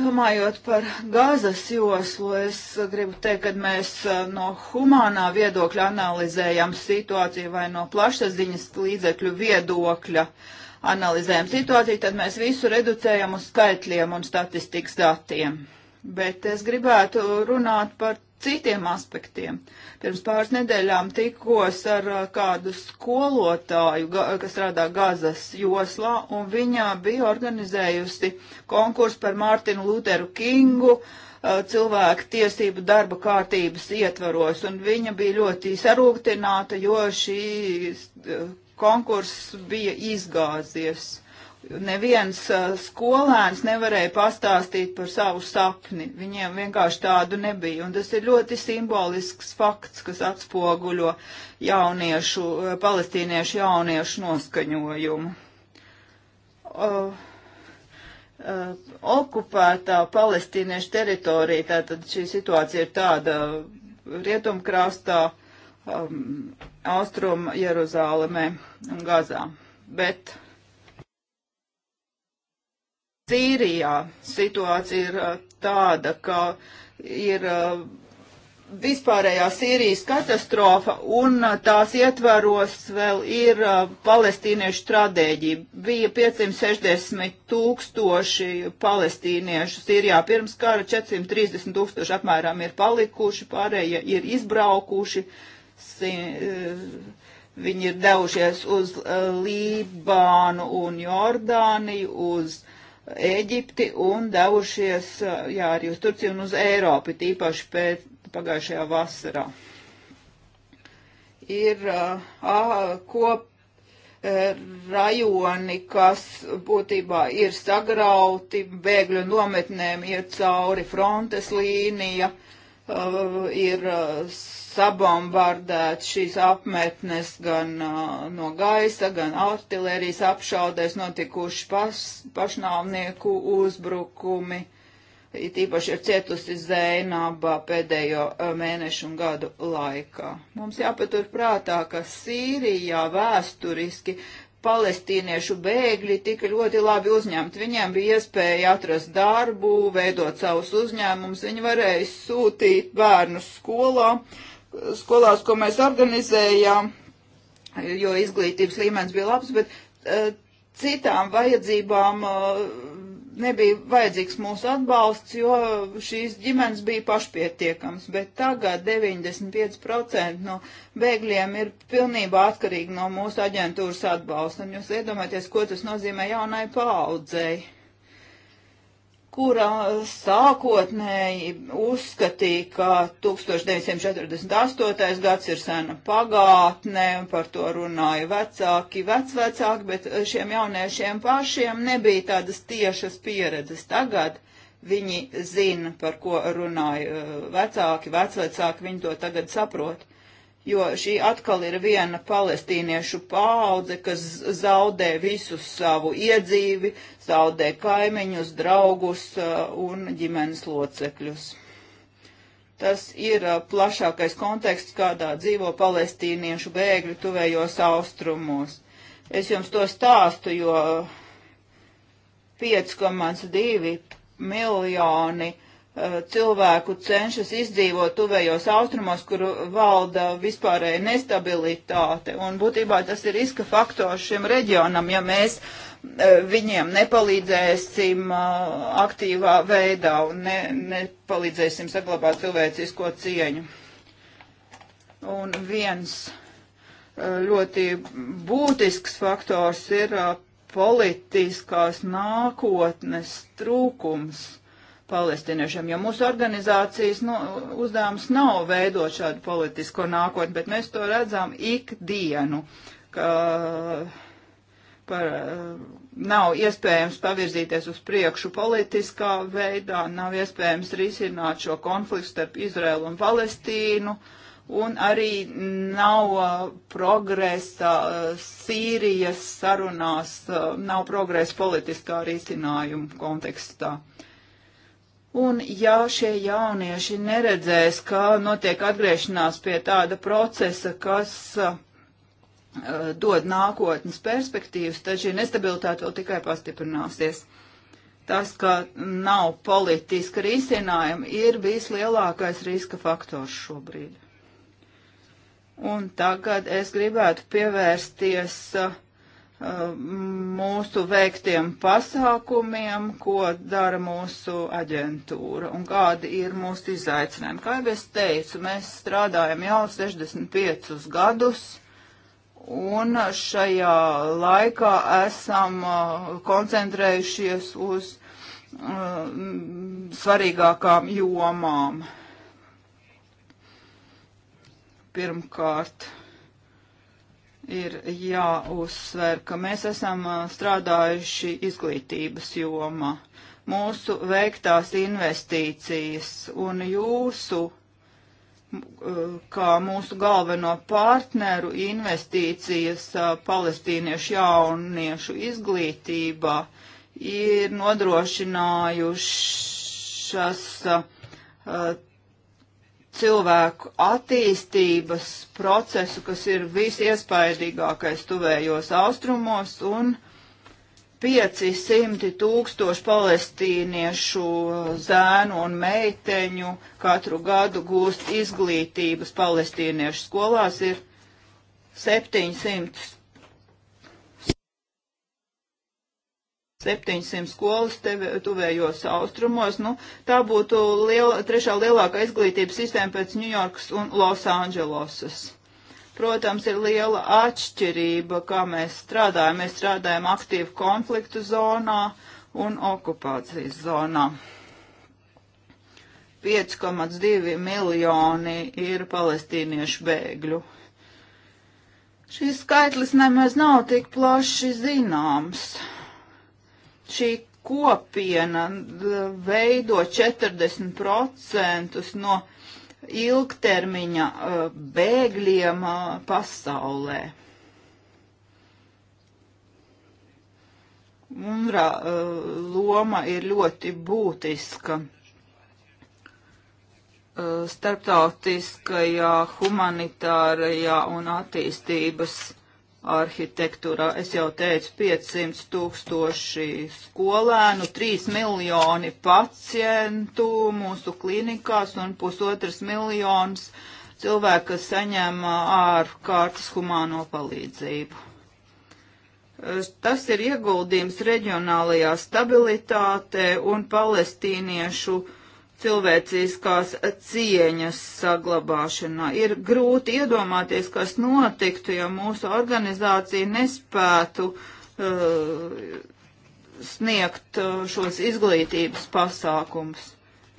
Domājot par gāzes joslu, es gribu teikt, ka mēs eh, no humānā viedokļa analizējam situāciju vai no plašsaziņas līdzekļu viedokļa. Uh, analizējam situāciju, tad mēs visu reducējam uz skaitļiem un statistikas datiem. Bet es gribētu runāt par citiem aspektiem. Pirms pāris nedēļām tikos ar uh, kādu skolotāju, kas strādā Gazas joslā, un viņa bija organizējusi konkursu par Mārtinu Luteru Kingu uh, cilvēku tiesību darba kārtības ietvaros, un viņa bija ļoti sarūktināta, jo šī uh, konkurss bija izgāzies. Neviens skolēns nevarēja pastāstīt par savu sapni. Viņiem vienkārši tādu nebija. Un tas ir ļoti simbolisks fakts, kas atspoguļo jauniešu, palestīniešu jauniešu noskaņojumu. Uh, Uh, okupētā palestīniešu teritorija, tātad šī situācija ir tāda rietumkrastā, um, Austrum Jeruzālemē un Gazā. Bet Sīrijā situācija ir uh, tāda, ka ir uh, vispārējā Sīrijas katastrofa un uh, tās ietvaros vēl ir palestīniešu stratēģija. Bija 560 tūkstoši palestīniešu Sīrijā pirms kara, 430 tūkstoši apmēram ir palikuši, pārējie ir izbraukuši. Uh, Eh, viņi ir devušies uz eh, Lībānu un Jordāniju, uz Eģipti un devušies, eh, jā, arī uz Turciju un uz Eiropu, tīpaši pēc pagājušajā vasarā. Ir uh, kop rajoni, kas būtībā ir sagrauti, bēgļu nometnēm iet cauri frontes līnija, uh, uh, ir eh, sabombardēts šīs apmetnes gan uh, no gaisa, gan artilērijas apšaudēs notikuši pas, pašnāvnieku uzbrukumi. It īpaši ir cietusi Zēnaba pēdējo uh, mēnešu un gadu laikā. Mums jāpatur prātā, ka Sīrijā vēsturiski palestīniešu bēgļi tika ļoti labi uzņemti. Viņiem bija iespēja atrast darbu, veidot savus uzņēmumus, viņi varēja sūtīt bērnus skolā, skolās, ko mēs organizējām, jo izglītības līmenis bija labs, bet uh, citām vajadzībām uh, nebija vajadzīgs mūsu atbalsts, jo šīs ģimenes bija pašpietiekams, bet tagad 95% no bēgļiem ir pilnībā atkarīgi no mūsu aģentūras atbalsta. Un jūs iedomājieties, ko tas nozīmē jaunai paaudzei kura sākotnēji uzskatīja, ka 1948. gads ir sena pagātne, un par to runāja vecāki, vecvecāki, bet šiem jauniešiem pašiem nebija tādas tiešas pieredzes. Tagad viņi zina, par ko runāja uh, vecāki, vecvecāki, viņi to tagad saprot jo šī atkal ir viena palestīniešu paudze, kas zaudē visu savu iedzīvi, zaudē kaimiņus, draugus uh, un ģimenes locekļus. Tas ir uh, plašākais konteksts, kādā dzīvo palestīniešu bēgļu tuvējos austrumos. Es jums to stāstu, jo 5,2 miljoni Eh, cilvēku cenšas izdzīvot tuvējos austrumos, kur valda vispārēja nestabilitāte. Un būtībā tas ir riska faktors šim reģionam, ja mēs eh, viņiem nepalīdzēsim eh, aktīvā veidā un ne, nepalīdzēsim saglabāt cilvēcisko cieņu. Un viens ļoti būtisks faktors ir politiskās nākotnes trūkums palestiniešiem, jo mūsu organizācijas nu, uzdevums nav veidot šādu politisko nākotni, bet mēs to redzam ikdienu, ka par, nav iespējams pavirzīties uz priekšu politiskā veidā, nav iespējams risināt šo konfliktu starp Izraelu un Palestīnu, un arī nav uh, progresa uh, Sīrijas sarunās, uh, nav progresa politiskā risinājuma kontekstā. Uh, Un ja šie jaunieši neredzēs, ka notiek atgriešanās pie tāda procesa, kas uh, dod nākotnes perspektīvas, tad šī nestabilitāte vēl tikai pastiprināsies. Tas, ka nav politiska risinājuma, ir vislielākais riska faktors šobrīd. Un tagad es gribētu pievērsties uh, mūsu veiktiem pasākumiem, ko dara mūsu aģentūra un kādi ir mūsu izaicinājumi. Kā jau es teicu, mēs strādājam jau 65 gadus un šajā laikā esam uh, koncentrējušies uz uh, svarīgākām jomām. Pirmkārt, ir jāuzsver, ka mēs esam strādājuši izglītības jomā. Mūsu veiktās investīcijas un jūsu, kā mūsu galveno partneru, investīcijas palestīniešu jauniešu izglītībā ir nodrošinājušas cilvēku attīstības procesu, kas ir visiespaidīgākais tuvējos austrumos, un 500 tūkstoši palestīniešu zēnu un meiteņu katru gadu gūst izglītības palestīniešu skolās ir 700 700 skolas tevi, tuvējos austrumos. Nu, tā būtu liela, trešā lielākā izglītības sistēma pēc Ņujorkas un Losandželosas. Protams, ir liela atšķirība, kā mēs strādājam. Mēs strādājam aktīvi konfliktu zonā un okupācijas zonā. 5,2 miljoni ir palestīniešu bēgļu. Šis skaitlis nemaz nav tik plaši zināms šī kopiena veido 40% no ilgtermiņa e, bēgļiem e, pasaulē. UNRWA e, loma ir ļoti būtiska starptautiskajā humanitārajā un attīstības arhitektūrā. Es jau teicu, 500 tūkstoši skolēnu, 3 miljoni pacientu mūsu klinikās un pusotras miljonus cilvēku, kas saņem ārkārtas humāno palīdzību. Tas ir ieguldījums reģionālajā stabilitātē un palestīniešu uh, cilvēciskās cieņas saglabāšanā. Ir grūti iedomāties, kas notiktu, ja mūsu organizācija nespētu uh, sniegt uh, šos izglītības pasākums.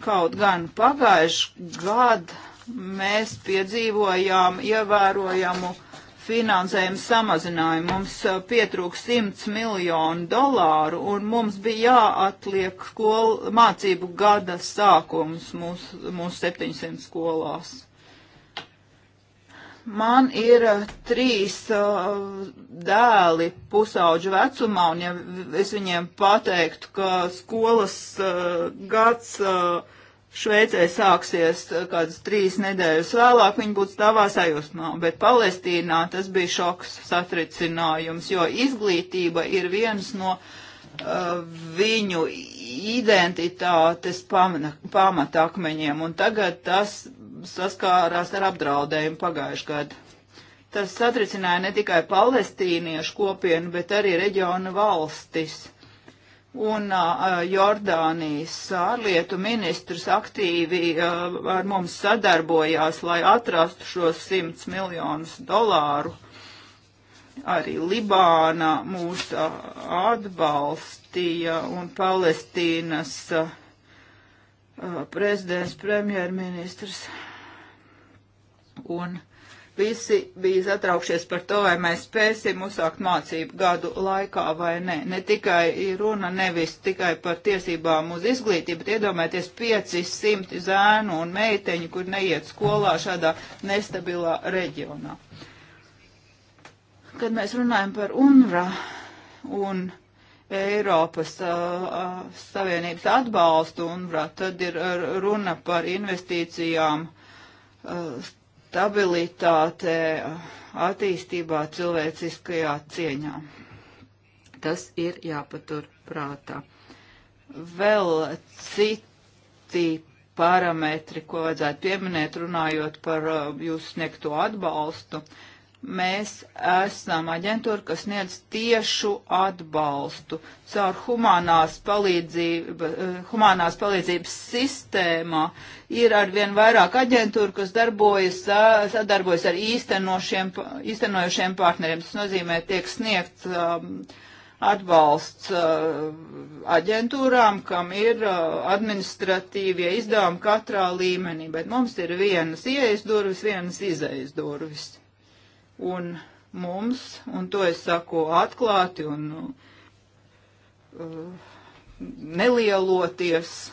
Kaut gan pagājuši gadu mēs piedzīvojām ievērojamu finansējuma samazinājumu. Mums uh, pietrūks 100 miljonu dolāru un mums bija jāatliek skolu, mācību gada sākums mūsu mūs 700 skolās. Man ir uh, trīs uh, dēli pusauģu vecumā, un ja es viņiem pateiktu, ka skolas uh, gads uh, Šveicē sāksies eh, kādas trīs nedēļas vēlāk, viņi būtu stāvā sajūsmā, bet Palestīnā tas bija šoks satricinājums, jo izglītība ir viens no uh, viņu identitātes pamatakmeņiem, un tagad tas saskārās ar apdraudējumu pagājušajā gadā. Tas satricināja ne tikai palestīniešu kopienu, bet arī reģiona valstis un uh, Jordānijas ārlietu ministrs aktīvi uh, ar mums sadarbojās, lai atrastu šos 100 miljonus dolāru. Arī Libāna mūs uh, atbalstīja un Palestīnas uh, prezidents, premjerministrs un uh, visi bija satraukšies par to, vai mēs spēsim uzsākt mācību gadu laikā vai nē. Ne. ne tikai runa nevis tikai par tiesībām uz izglītību, bet iedomājieties 500 zēnu un meiteņu, kur neiet skolā šādā nestabilā reģionā. Kad mēs runājam par UNRA un Eiropas uh, uh Savienības atbalstu UNRA, tad ir uh, runa par investīcijām uh, stabilitāte attīstībā cilvēciskajā cieņā. Tas ir jāpatur prātā. Vēl citi parametri, ko vajadzētu pieminēt, runājot par uh, jūsu sniegto atbalstu. Uh, mēs esam aģentūra, kas sniedz tiešu atbalstu caur humanās, palīdzība, eh, humanās palīdzības sistēmā. Ir arvien vairāk aģentūra, kas darbojas, eh, sadarbojas ar īstenojošiem partneriem. Tas nozīmē, tiek sniegts um, atbalsts uh, aģentūrām, kam ir uh, administratīvie izdevumi katrā līmenī, bet mums ir vienas ieejas durvis, vienas izejas durvis un mums, un to es saku atklāti un uh, nelieloties.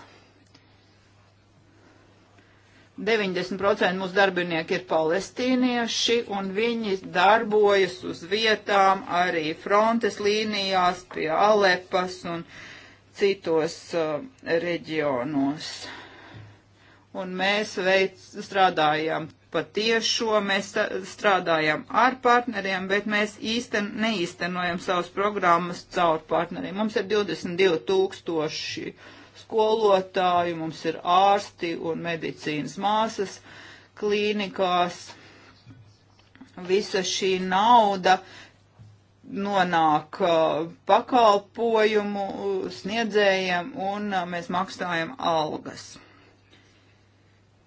90% mūsu darbinieki ir palestīnieši, un viņi darbojas uz vietām arī frontes līnijās pie Alepas un citos uh, reģionos. Un mēs veic, strādājam patiešo, mēs strādājam ar partneriem, bet mēs īsten, neīstenojam savas programmas caur partneriem. Mums ir 22 tūkstoši skolotāju, mums ir ārsti un medicīnas māsas klīnikās. Visa šī nauda nonāk uh, pakalpojumu sniedzējiem un uh, mēs maksājam algas.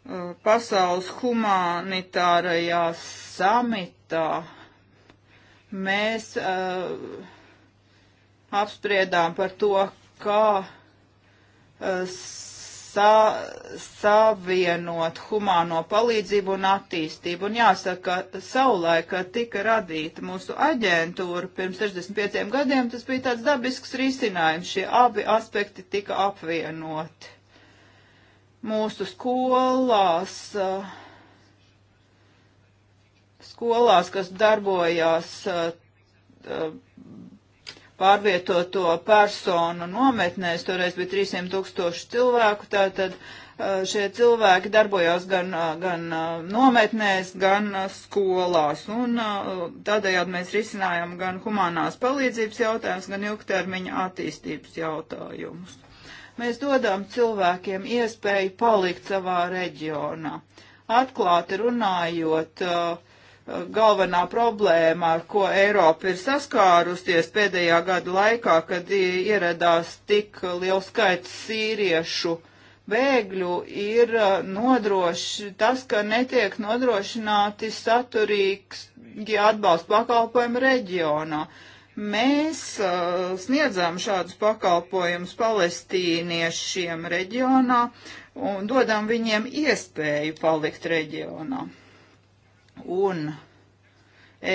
Uh, pasaules humanitārajā samitā mēs uh, apspriedām par to, kā uh, sa savienot humāno palīdzību un attīstību. Un jāsaka, saulēkā tika radīta mūsu aģentūra pirms 65 gadiem, tas bija tāds dabisks risinājums, šie abi aspekti tika apvienoti mūsu skolās, eh, skolās, kas darbojās eh, eh, pārvietoto personu nometnēs, toreiz bija 300 tūkstoši cilvēku, tātad šie cilvēki darbojās gan, gan nometnēs, gan skolās. Un tādējādi mēs risinājām gan humanās palīdzības jautājumus, gan ilgtermiņa attīstības jautājumus. Mēs dodam cilvēkiem iespēju palikt savā reģionā. Atklāti runājot, uh, galvenā problēma, ar ko Eiropa ir saskārusies pēdējā gada laikā, kad ieradās tik liels skaits sīriešu bēgļu ir uh, nodroši, tas, ka netiek nodrošināti saturīgi atbalsta pakalpojumi reģionā. Mēs uh, sniedzām šādus pakalpojumus palestīniešiem reģionā un dodam viņiem iespēju palikt reģionā. Un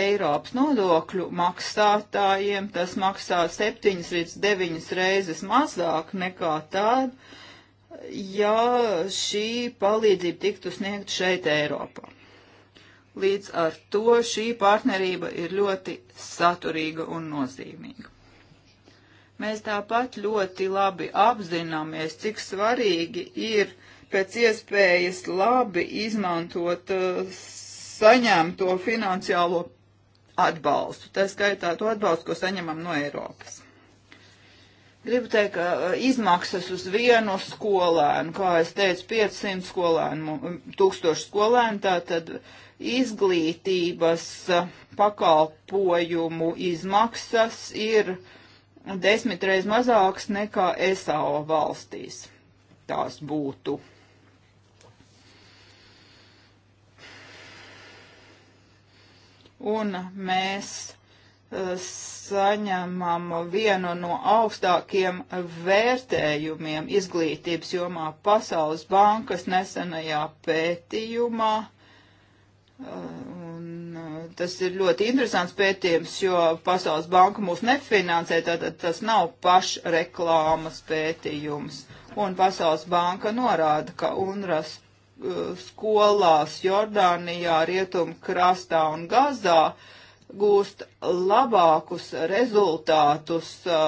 Eiropas nodokļu maksātājiem tas maksā 7 līdz 9 reizes mazāk nekā tad, ja šī palīdzība tiktu sniegta šeit Eiropā. Līdz ar to šī partnerība ir ļoti saturīga un nozīmīga. Mēs tāpat ļoti labi apzināmies, cik svarīgi ir pēc iespējas labi izmantot uh, saņemto finansiālo atbalstu. Tā skaitā to atbalstu, ko saņemam no Eiropas. Gribu teikt, ka uh, izmaksas uz vienu skolēnu, kā es teicu, 500 skolēnu, 1000 skolēnu, tā tad uh, izglītības eh, pakalpojumu izmaksas ir desmitreiz mazāks nekā SAO valstīs. Tās būtu. Un mēs eh, saņemam vienu no augstākiem vērtējumiem izglītības jomā Pasaules bankas nesenajā pētījumā Un eh, tas ir ļoti interesants pētījums, jo Pasaules banka mūs nefinansē, tātad tas nav pašreklāmas pētījums. Un Pasaules banka norāda, ka UNRAS eh, skolās Jordānijā, Rietum krastā un Gazā gūst labākus rezultātus eh,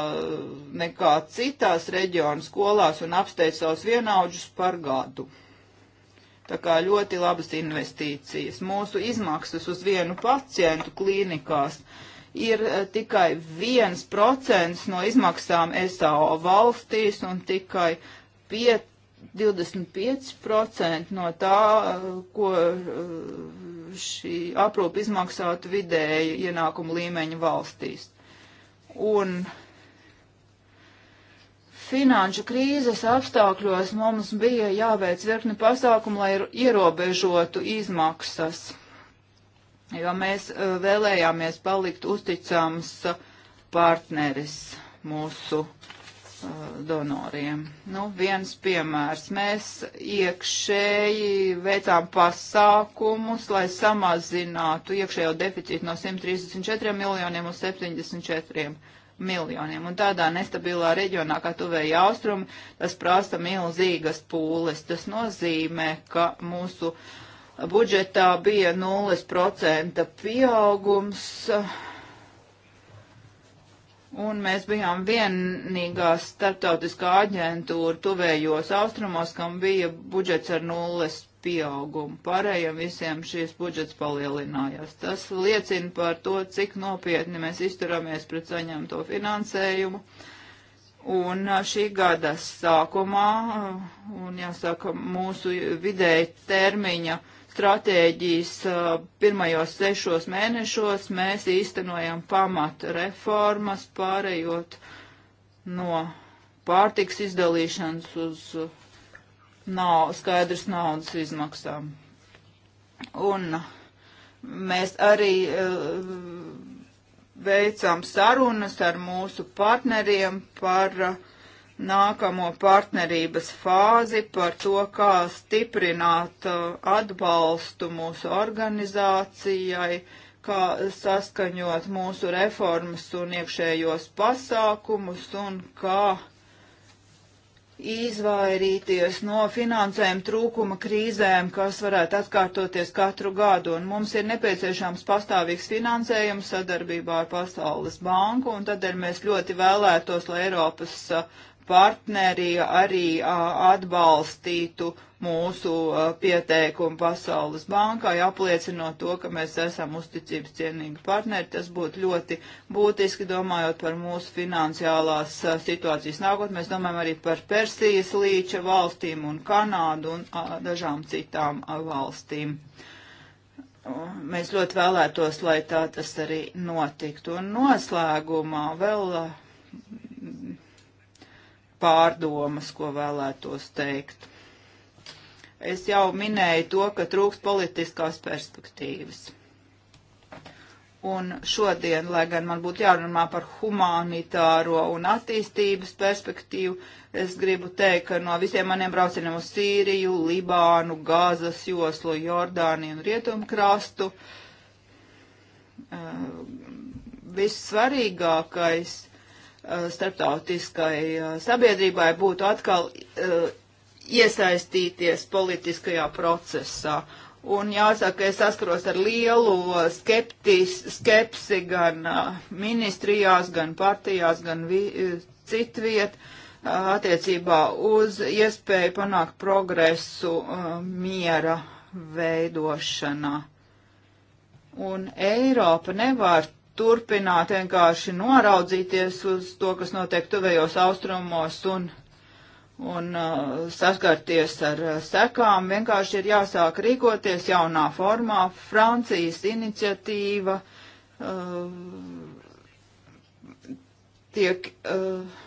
nekā citās reģionu skolās un apsteidz savus vienaudžus par gadu. Tā kā ļoti labas investīcijas. Mūsu izmaksas uz vienu pacientu klīnikās ir eh, tikai viens procents no izmaksām SAO valstīs un tikai 5, 25% no tā, eh, ko eh, šī aprūpa izmaksātu vidēji ienākumu līmeņa valstīs. Un uh, finanšu krīzes apstākļos mums bija jāveic virkni pasākumu, lai ierobežotu izmaksas, jo mēs e, vēlējāmies palikt uzticams partneris mūsu e, donoriem. Nu, viens piemērs. Mēs iekšēji veicām pasākumus, lai samazinātu iekšējo deficītu no 134 miljoniem uz 74 miljoniem miljoniem. Un tādā nestabilā reģionā, kā tuvēja austrumi, tas prasa milzīgas pūles. Tas nozīmē, ka mūsu budžetā bija 0% pieaugums. Un mēs bijām vienīgā starptautiskā aģentūra tuvējos austrumos, kam bija budžets ar nulles pieaugumu. Pārējiem visiem šīs budžets palielinājās. Tas liecina par to, cik nopietni mēs izturamies pret saņemto finansējumu. Un uh, šī gada sākumā, uh, un jāsaka, mūsu vidēji termiņa stratēģijas uh, pirmajos sešos mēnešos mēs īstenojam pamat reformas, pārējot no pārtiks izdalīšanas uz nav skaidrs naudas izmaksām. Un mēs arī uh, eh, veicam sarunas ar mūsu partneriem par uh, nākamo partnerības fāzi, par to, kā stiprināt uh, atbalstu mūsu organizācijai, kā saskaņot mūsu reformas un iekšējos pasākumus un kā izvairīties no finansējuma trūkuma krīzēm, kas varētu atkārtoties katru gadu, un mums ir nepieciešams pastāvīgs finansējums sadarbībā ar Pasaules banku, un tādēļ mēs ļoti vēlētos, lai Eiropas partneri arī a, atbalstītu mūsu uh, pieteikumu Pasaules bankai, apliecinot to, ka mēs esam uzticības cienīgi partneri. Tas būtu ļoti būtiski, domājot par mūsu finansiālās uh, situācijas nākotnē. Mēs domājam arī par Persijas līča valstīm un Kanādu un a, uh, dažām citām a, valstīm. Mēs ļoti vēlētos, lai tā tas arī notiktu. Un noslēgumā vēl a, pārdomas, ko vēlētos teikt Es jau minēju to, ka trūkst politiskās perspektīvas. Un šodien, lai gan man būtu jārunā par humanitāro un attīstības perspektīvu, es gribu teikt, ka no visiem maniem braucieniem uz Sīriju, Libānu, Gāzes joslu, Jordāniju un Rietumkrastu eh, vissvarīgākais eh, starptautiskai eh, sabiedrībai būtu atkal iesaistīties politiskajā procesā. Un jāsaka, es saskaros ar lielu skeptis, skepsi gan uh, ministrijās, gan partijās, gan vi, uh, citviet uh, attiecībā uz iespēju panākt progresu miera veidošanā. Un Eiropa nevar turpināt vienkārši noraudzīties uz to, kas notiek tuvējos austrumos un un uh, saskarties ar uh, sekām, vienkārši ir jāsāk rīkoties jaunā formā. Francijas iniciatīva uh, tiek uh,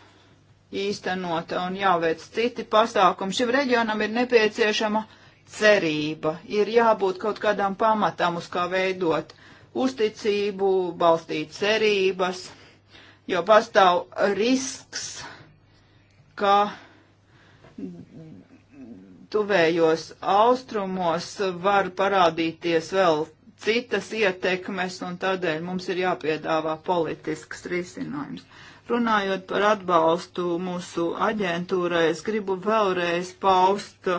īstenota un jāveic citi pasākumi. Šim reģionam ir nepieciešama cerība, ir jābūt kaut kādām pamatām, uz kā veidot uzticību, balstīt cerības, jo pastāv risks, ka uh, tuvējos austrumos var parādīties vēl citas ietekmes, un tādēļ mums ir jāpiedāvā politisks risinājums. Runājot par atbalstu mūsu aģentūrai, es gribu vēlreiz paust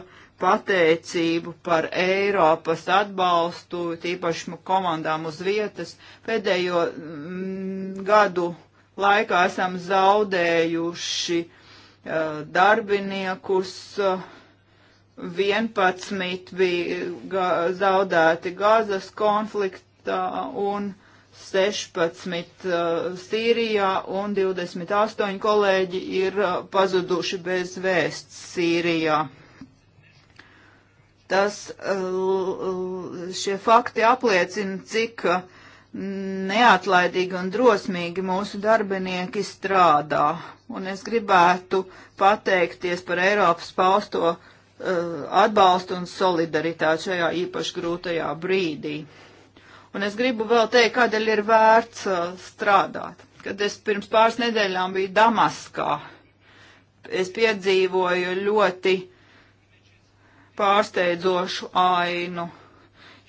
pateicību par Eiropas atbalstu, tīpaši komandām uz vietas. Pēdējo mm, gadu laikā esam zaudējuši uh, darbiniekus, 11 bija zaudēti Gāzes konfliktā un 16 Sīrijā un 28 kolēģi ir pazuduši bez vēsts Sīrijā. Tas, šie fakti apliecina, cik uh, neatlaidīgi un drosmīgi mūsu darbinieki strādā. Un es gribētu pateikties par Eiropas pausto uh, atbalstu un solidaritāti šajā īpaši grūtajā brīdī. Un es gribu vēl teikt, kādēļ ir vērts uh, strādāt. Kad es pirms pāris nedēļām biju Damaskā, es piedzīvoju ļoti pārsteidzošu ainu.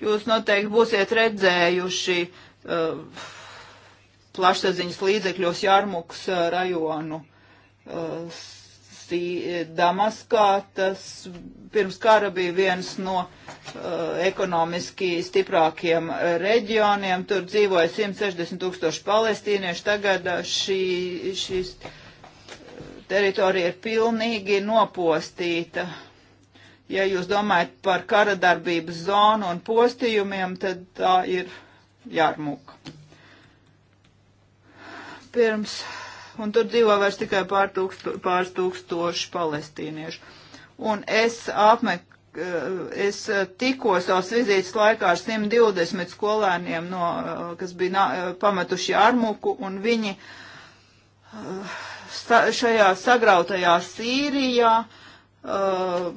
Jūs noteikti būsiet redzējuši uh, uh, plašsaziņas līdzekļos Jārmuks uh, rajonu uh, Damaskā. Tas pirms kara bija viens no uh, ekonomiski stiprākiem reģioniem. Tur dzīvoja 160 tūkstoši palestīnieši. Tagad uh, šī, šīs teritorija ir pilnīgi nopostīta. Ja jūs domājat par kara darbības zonu un postījumiem, tad tā ir Jārmuka. Pirms, un tur dzīvo vairs tikai pār tūksto, pāris tūkstoši palestīniešu. Un es apmek, eh, es eh, tikko savas vizītes laikā ar 120 skolēniem, no, eh, kas bija na, pametuši Jārmuku, un viņi sa, šajā sagrautajā Sīrijā uh,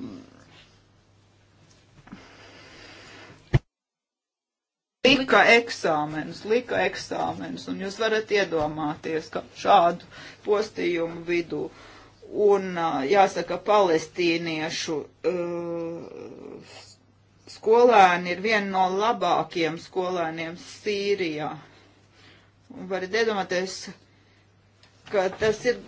lika eksāmenus, lika eksāmenus, un jūs varat iedomāties, ka šādu postījumu vidū un, jāsaka, palestīniešu uh, skolēni ir viena no labākajiem skolēniem Sīrijā. Un varat iedomāties, ka tas ir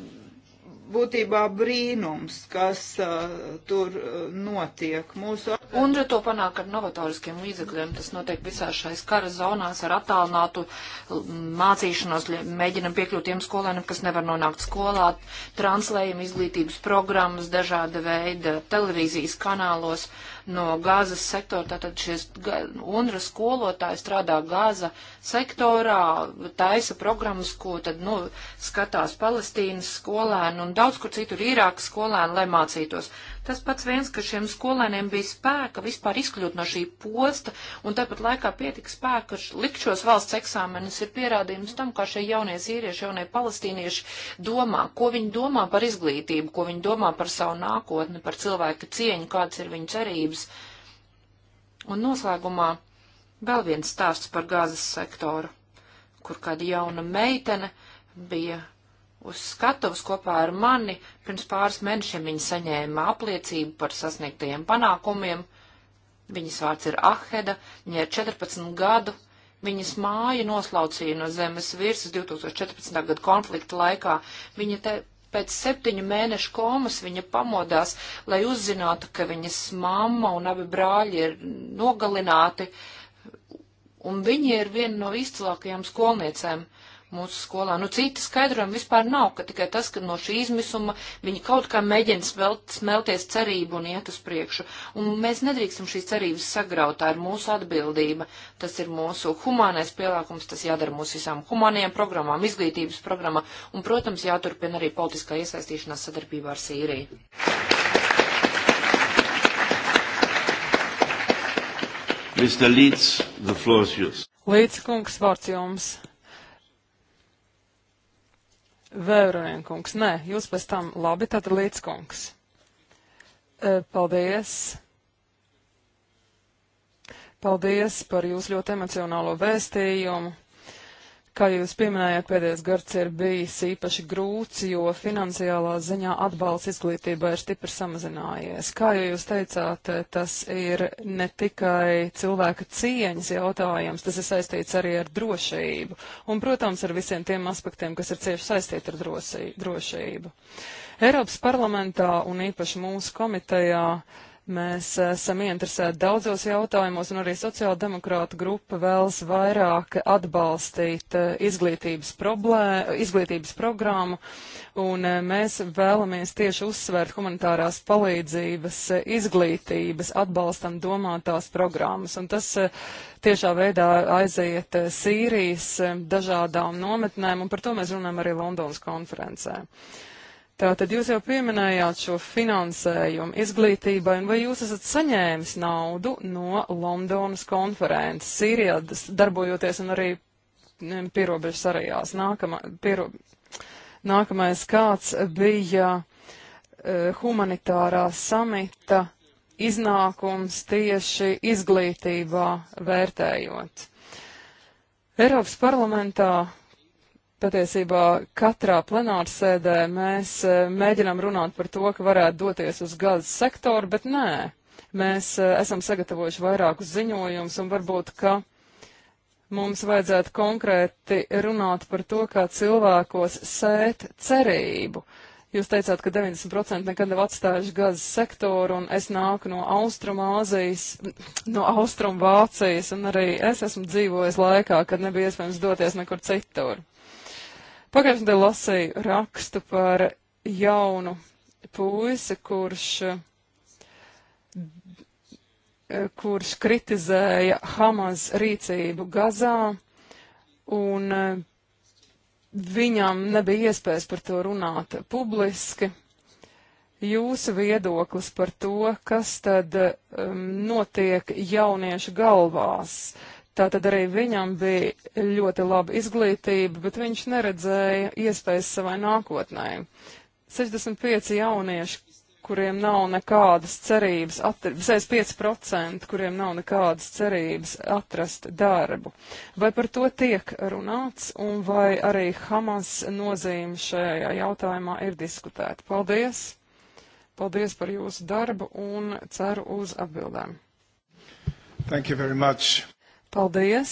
būtībā brīnums, kas uh, tur uh, notiek. Mūsu... Un, ja to panāk ar novatoriskiem līdzekļiem, tas notiek visā šais kara zonās ar attālinātu mm, mācīšanos, mēģinam piekļūt tiem skolēniem, kas nevar nonākt skolā, translējam izglītības programmas, dažāda veida televīzijas kanālos no gāzes sektora, tātad šies UNRA skolotāji strādā gāza sektorā, taisa programmas, ko tad, nu, skatās Palestīnas skolēni un daudz kur citur Irākas skolēni, lai mācītos. Tas pats viens, ka šiem skolēniem bija spēka vispār izkļūt no šī posta, un tāpat laikā pietika spēka likšos valsts eksāmenis, ir pierādījums tam, kā šie jaunie sīrieši, jaunie palestīnieši domā, ko viņi domā par izglītību, ko viņi domā par savu nākotni, par cilvēku cieņu, kādas ir viņu cerības. Un noslēgumā vēl viens stāsts par gāzes sektoru, kur kāda jauna meitene bija uz skatuves kopā ar mani. Pirms pāris mēnešiem viņa saņēma apliecību par sasniegtajiem panākumiem. Viņas vārds ir Aheda, viņa ir 14 gadu. Viņas māja noslaucīja no zemes virsmas 2014. gada konflikta laikā. Viņa te pēc septiņu mēnešu komas viņa pamodās, lai uzzinātu, ka viņas mamma un abi brāļi ir nogalināti, un viņa ir viena no izcilākajām skolniecēm. Uh, mūsu skolā. Nu, cita skaidrojuma vispār nav, ka tikai tas, ka no šī izmisuma viņi kaut kā mēģina smelt, smelties cerību un iet uz priekšu. Un mēs nedrīkstam šīs cerības sagraut, tā ir mūsu atbildība, tas ir mūsu humānais pielākums, tas jādara mūsu visām humānajām programmām, izglītības programmā un, protams, jāturpina arī politiskā iesaistīšanās sadarbībā ar Sīriju. Mr. Leeds, the floor is yours. Līdz kungs, vārds jums. Vēvrenkungs, nē, jūs pēc tam labi, tad līdzkungs. E, paldies! Paldies par jūsu ļoti emocionālo vēstījumu. Kā jūs pieminējāt, pēdējais gads ir bijis īpaši grūts, jo finansiālā ziņā atbalsts izglītībai ir stipri samazinājies. Kā jau jūs teicāt, tas ir ne tikai cilvēka cieņas jautājums, tas ir saistīts arī ar drošību. Un, protams, ar visiem tiem aspektiem, kas ir cieši saistīti ar drošību. Eiropas parlamentā un īpaši mūsu komitejā Mēs eh, esam ieinteresēti daudzos jautājumos, un arī sociāldemokrāta grupa vēlas vairāk atbalstīt eh, izglītības, problē, izglītības programmu, un eh, mēs vēlamies tieši uzsvērt humanitārās palīdzības, izglītības, atbalstam domātās programmas. Un tas tiešā veidā aiziet Sīrijas dažādām nometnēm, un par to mēs runājam arī Londonas konferencē. Uh, Tātad jūs jau pieminējāt šo finansējumu izglītībai, un vai jūs esat saņēmis naudu no Londonas konferences Sīrijā darbojoties un arī mm, pierobežas arējās? Nākamā, piero, nākamais kāds bija uh, humanitārā samita iznākums tieši izglītībā vērtējot. Eiropas parlamentā Patiesībā katrā plenārsēdē mēs eh, mēģinām runāt par to, ka varētu doties uz gazas sektoru, bet nē, mēs eh, esam sagatavojuši vairākus ziņojumus un varbūt, ka mums vajadzētu konkrēti runāt par to, kā cilvēkos sēt cerību. Jūs teicāt, ka 90% nekad nav atstājuši gazas sektoru, un es nāku no Austrumāzijas, no Austrumvācijas, un arī es esmu dzīvojis laikā, kad nebija iespējams doties nekur citur. Pagājušajā nedēļā lasīju rakstu par jaunu puisi, kurš, kurš kritizēja Hamas rīcību Gazā, un viņam nebija iespējas par to runāt publiski. Jūsu viedoklis par to, kas tad um, notiek jauniešu galvās, Tātad arī viņam bija ļoti laba izglītība, bet viņš neredzēja iespējas savai nākotnē. 65 jaunieši, kuriem nav nekādas cerības, 65% kuriem nav nekādas cerības atrast darbu. Vai par to tiek runāts un vai arī Hamas nozīme šajā jautājumā ir diskutēta? Paldies! Paldies par jūsu darbu un ceru uz atbildēm. Thank you very much. Paldies!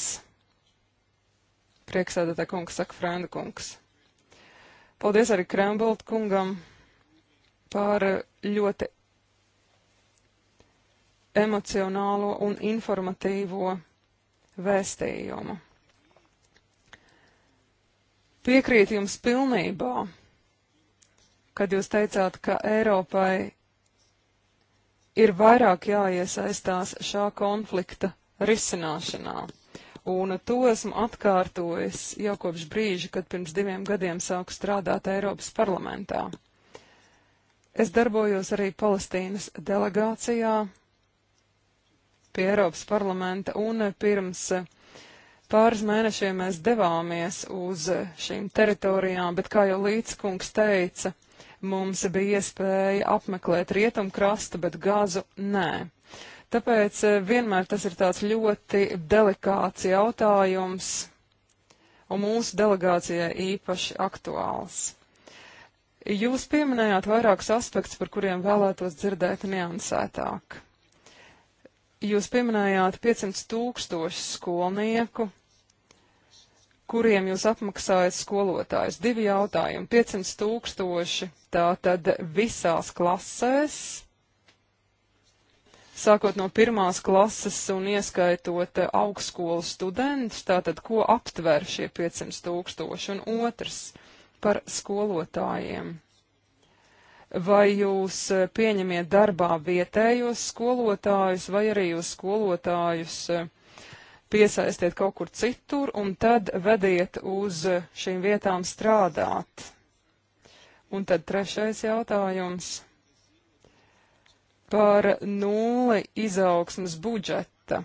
Prieksēdētā kungs saka Frēnda kungs. Paldies arī Krembolt kungam par ļoti emocionālo un informatīvo vēstījumu. Piekrīt jums pilnībā, kad jūs teicāt, ka Eiropai ir vairāk jāiesaistās šā konflikta risināšanā. Un to esmu atkārtojis jau kopš brīža, kad pirms diviem gadiem sāku strādāt Eiropas parlamentā. Es darbojos arī Palestīnas delegācijā pie Eiropas parlamenta un pirms pāris mēnešiem mēs devāmies uz šīm teritorijām, bet kā jau līdzkungs teica, mums bija iespēja apmeklēt rietumkrastu, bet gazu nē. Tāpēc eh, vienmēr tas ir tāds ļoti delikāts jautājums un mūsu delegācijai īpaši aktuāls. Jūs pieminējāt vairākus aspektus, par kuriem vēlētos dzirdēt niansētāk. Jūs pieminējāt 500 tūkstošu skolnieku, kuriem jūs apmaksājat skolotājus. Divi jautājumi - 500 tūkstoši, tā tad visās klasēs sākot no pirmās klases un ieskaitot eh, augstskolu studentus, tātad ko aptver šie 500 tūkstoši un otrs par skolotājiem. Vai jūs eh, pieņemiet darbā vietējos skolotājus vai arī jūs skolotājus eh, piesaistiet kaut kur citur un tad vediet uz šīm vietām strādāt? Un tad trešais jautājums par nulli izaugsmas budžeta.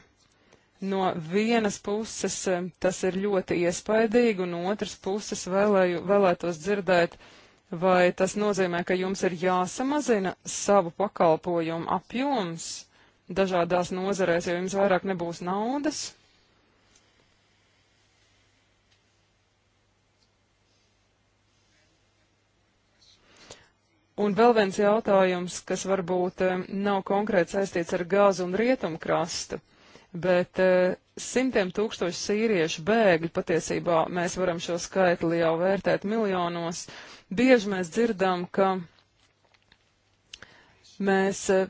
No vienas puses eh, tas ir ļoti iespaidīgi, un otras puses vēlēju, vēlētos dzirdēt, vai tas nozīmē, ka jums ir jāsamazina savu pakalpojumu apjoms dažādās nozarēs, jo jums vairāk nebūs naudas. Un vēl viens jautājums, kas varbūt eh, nav konkrēti saistīts ar gāzu un rietumkrastu, bet eh, simtiem tūkstoši sīriešu bēgļu patiesībā mēs varam šo skaitli jau vērtēt miljonos. Bieži mēs dzirdam, ka mēs eh,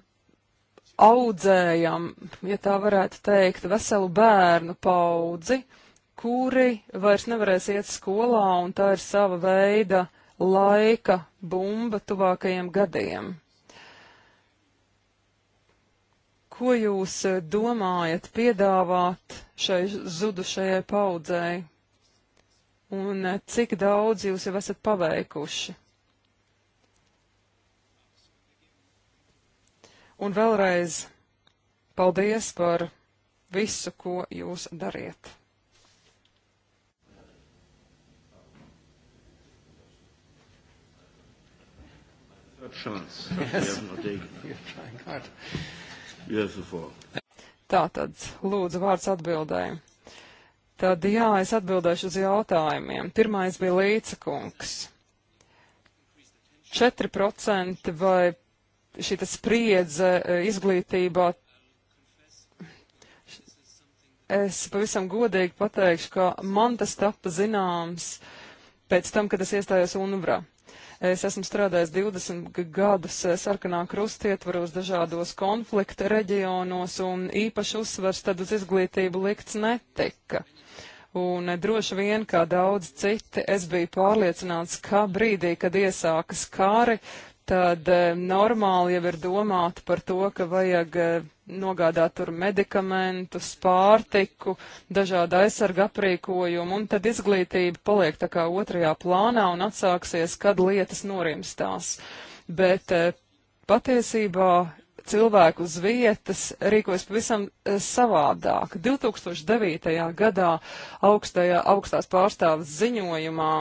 audzējam, ja tā varētu teikt, veselu bērnu paudzi, kuri vairs nevarēs iet skolā, un tā ir sava veida laika bumba tuvākajiem gadiem. Ko jūs eh, domājat piedāvāt šai zudušajai paudzei? Un eh, cik daudz jūs jau esat paveikuši? Un vēlreiz paldies par visu, ko jūs dariet. chance. Yes. We have no taken. You're trying hard. You have the floor. Tātad, lūdzu, vārds atbildēji. Tad, jā, es atbildēšu uz jautājumiem. Pirmais bija līdzekungs. 4% vai šī spriedze e, izglītībā es pavisam godīgi pateikšu, ka man tas tapa zināms pēc tam, kad es iestājos UNVRA. Es esmu strādājis 20 gadus eh, sarkanā krustietvaros dažādos konflikta reģionos, un īpaši uzsvars tad uz izglītību likts netika. Un eh, droši vien, kā daudz citi, es biju pārliecināts, ka brīdī, kad iesākas kāri, tad eh, normāli jau ir domāt par to, ka vajag nogādāt tur medikamentus, pārtiku, dažādu aizsarga aprīkojumu, un tad izglītība paliek tā kā otrajā plānā un atsāksies, kad lietas norimstās. Bet eh, patiesībā cilvēku uz vietas rīkojas pavisam eh, savādāk. 2009. gadā augstajā, augstās pārstāvas ziņojumā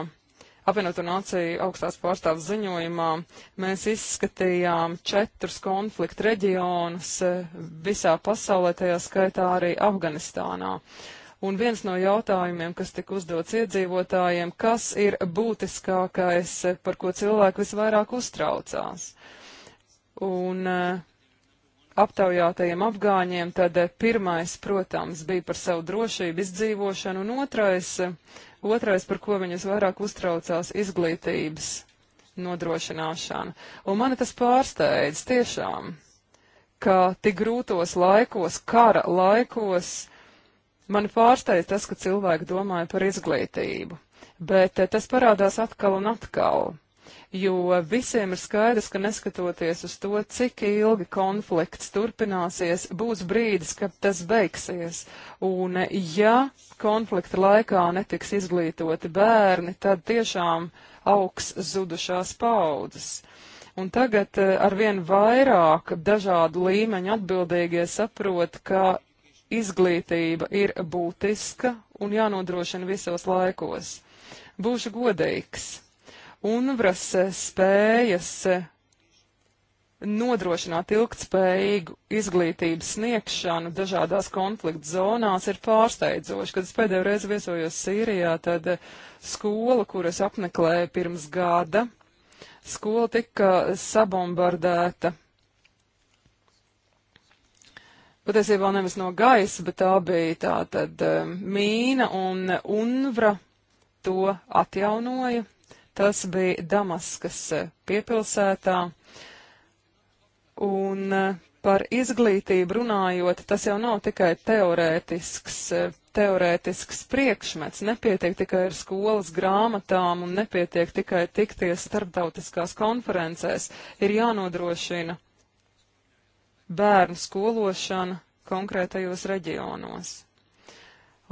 apvienoto nāciju augstās pārstāvs ziņojumā mēs izskatījām četrus konfliktu reģionus e, visā pasaulē, tajā skaitā arī Afganistānā. Un viens no jautājumiem, kas tika uzdots iedzīvotājiem, kas ir būtiskākais, e, par ko cilvēki visvairāk uztraucās? Un e, aptaujātajiem afgāņiem tad pirmais, protams, bija par savu drošību izdzīvošanu, un otrais Otrais, par ko viņus vairāk uztraucās, izglītības nodrošināšana. Un mani tas pārsteidz tiešām, ka tik grūtos laikos, kara laikos, mani pārsteidz tas, ka cilvēki domāja par izglītību. Bet eh, tas parādās atkal un atkal jo visiem ir skaidrs, ka neskatoties uz to, cik ilgi konflikts turpināsies, būs brīdis, kad tas beigsies. Un ja konflikta laikā netiks izglītoti bērni, tad tiešām augs zudušās paudzes. Un tagad eh, arvien vairāk dažādu līmeņu atbildīgie saprot, ka izglītība ir būtiska un jānodrošina visos laikos. Būšu godīgs. UNVRAS eh, spējas eh, nodrošināt ilgtspējīgu izglītības sniegšanu dažādās konflikta zonās ir pārsteidzoši. Kad es pēdējo reizi viesojos Sīrijā, tad eh, skola, kuras apmeklēju pirms gada, skola tika sabombardēta. Patiesībā nevis no gaisa, bet tā bija tā tad mīna un UNVRA to atjaunoja Tas bija Damaskas e, piepilsētā. Un e, par izglītību runājot, tas jau nav tikai teorētisks, e, teorētisks priekšmets. Nepietiek tikai ar skolas grāmatām un nepietiek tikai tikties starptautiskās konferencēs. Ir jānodrošina bērnu skološana konkrētajos reģionos.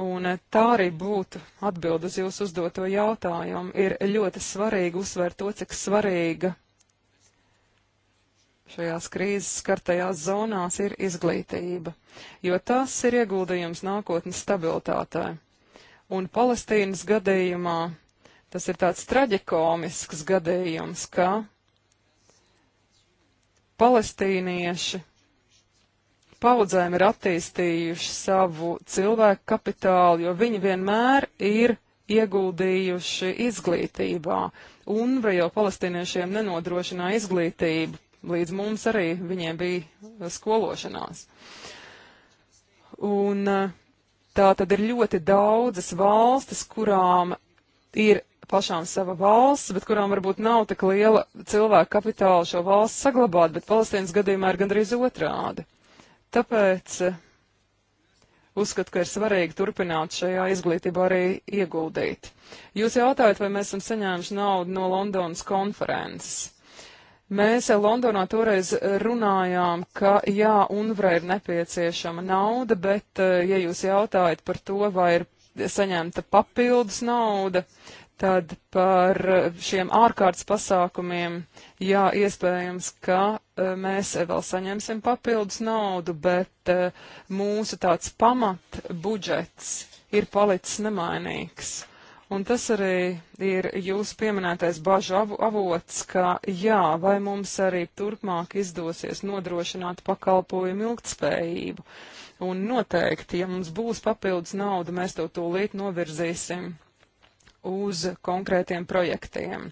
Un eh, tā arī būtu atbild uz jūsu uzdoto jautājumu. Ir ļoti svarīgi uzsvērt to, cik svarīga šajās krīzes skartajās zonās ir izglītība, jo tas ir ieguldījums nākotnes stabilitātē. Un Palestīnas gadījumā tas ir tāds traģikomisks gadījums, ka palestīnieši paudzēm ir attīstījuši savu cilvēku kapitālu, jo viņi vienmēr ir ieguldījuši izglītībā. Un vai jau palestīniešiem nenodrošināja izglītību, līdz mums arī viņiem bija skološanās. Un eh, tā tad ir ļoti daudzas valstis, kurām ir pašām sava valsts, bet kurām varbūt nav tik liela cilvēka kapitāla šo valsts saglabāt, bet Palestīnas gadījumā ir gandrīz otrādi. Tāpēc eh, uzskatu, ka ir svarīgi turpināt šajā izglītībā arī ieguldīt. Jūs jautājat, vai mēs esam saņēmuši naudu no Londonas konferences. Mēs Londonā toreiz runājām, ka jā, UNVRA ir nepieciešama nauda, bet, eh, ja jūs jautājat par to, vai ir saņemta papildus nauda, Tad par šiem ārkārtas pasākumiem, jā, iespējams, ka e, mēs vēl saņemsim papildus naudu, bet e, mūsu tāds pamat budžets ir palicis nemainīgs. Un tas arī ir jūsu pieminētais bažu av avots, ka jā, vai mums arī turpmāk izdosies nodrošināt pakalpojumu ilgtspējību. Un noteikti, ja mums būs papildus nauda, mēs to tūlīt novirzīsim uz konkrētiem projektiem.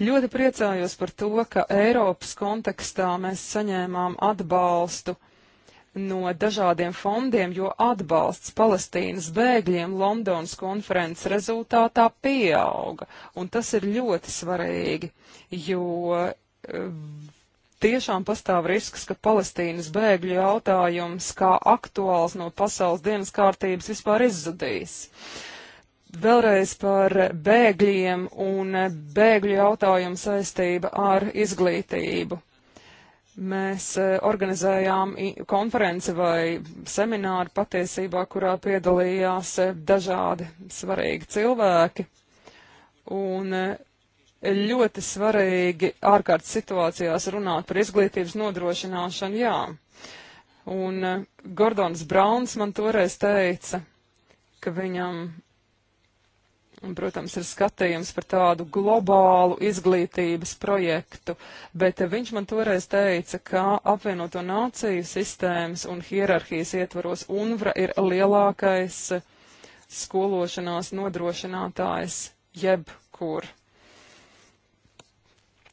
Ļoti priecājos par to, ka Eiropas kontekstā mēs saņēmām atbalstu no dažādiem fondiem, jo atbalsts Palestīnas bēgļiem Londonas konferences rezultātā pieauga. Un tas ir ļoti svarīgi, jo e, tiešām pastāv risks, ka Palestīnas bēgļu jautājums kā aktuāls no pasaules dienas kārtības vispār izzudīs. Vēlreiz par bēgļiem un bēgļu jautājumu saistība ar izglītību. Mēs eh, organizējām konferenci vai semināru patiesībā, kurā piedalījās eh, dažādi svarīgi cilvēki. Un eh, ļoti svarīgi ārkārtas situācijās runāt par izglītības nodrošināšanu, jā. Un Gordons Brauns man toreiz teica, ka viņam Un, protams, ir skatījums par tādu globālu izglītības projektu, bet viņš man toreiz teica, ka apvienoto nāciju sistēmas un hierarhijas ietvaros UNVRA ir lielākais skološanās nodrošinātājs jebkur.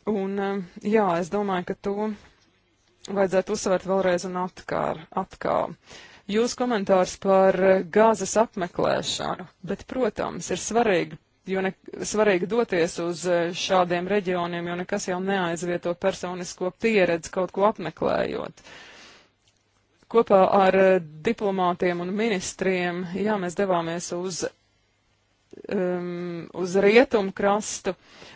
Un, jā, es domāju, ka to vajadzētu uzsvērt vēlreiz un atkār. atkār. Jūs komentārs par gāzes apmeklēšanu, bet, protams, ir svarīgi, jo ne, svarīgi doties uz e, šādiem reģioniem, jo nekas jau neaizvieto personisko pieredzi kaut ko apmeklējot kopā ar e, diplomātiem un ministriem, jā, mēs devāmies uz, um, uz rietumu krastu,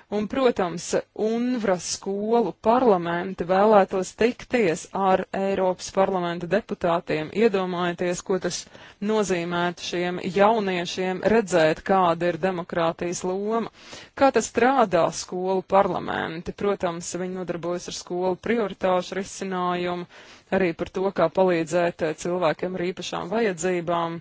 Un, protams, UNVRA skolu parlamenti vēlētos tikties ar Eiropas parlamenta deputātiem, iedomājieties, ko tas nozīmētu šiem jauniešiem redzēt, kāda ir demokrātijas loma, kā tas strādā skolu parlamenti. Protams, viņi nodarbojas ar skolu prioritāšu risinājumu arī par to, kā palīdzēt eh, cilvēkiem ar īpašām vajadzībām,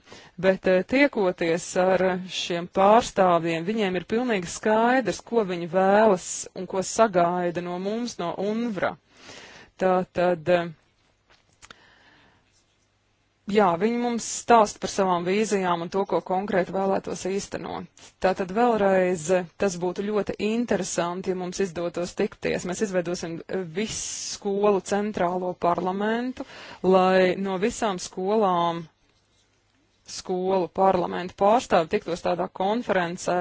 bet eh, tiekoties ar šiem pārstāvjiem, viņiem ir pilnīgi skaidrs, ko viņi vēlas un ko sagaida no mums, no UNVRA. Tā tad, eh, jā, viņi mums stāst par savām vīzijām un to, ko konkrēti vēlētos īstenot. Tā tad vēlreiz eh, tas būtu ļoti interesanti, ja mums izdotos tikties. Mēs izveidosim eh, visu skolu centrālo parlamentu, lai no visām skolām skolu parlamentu pārstāvi tiktos tādā konferencē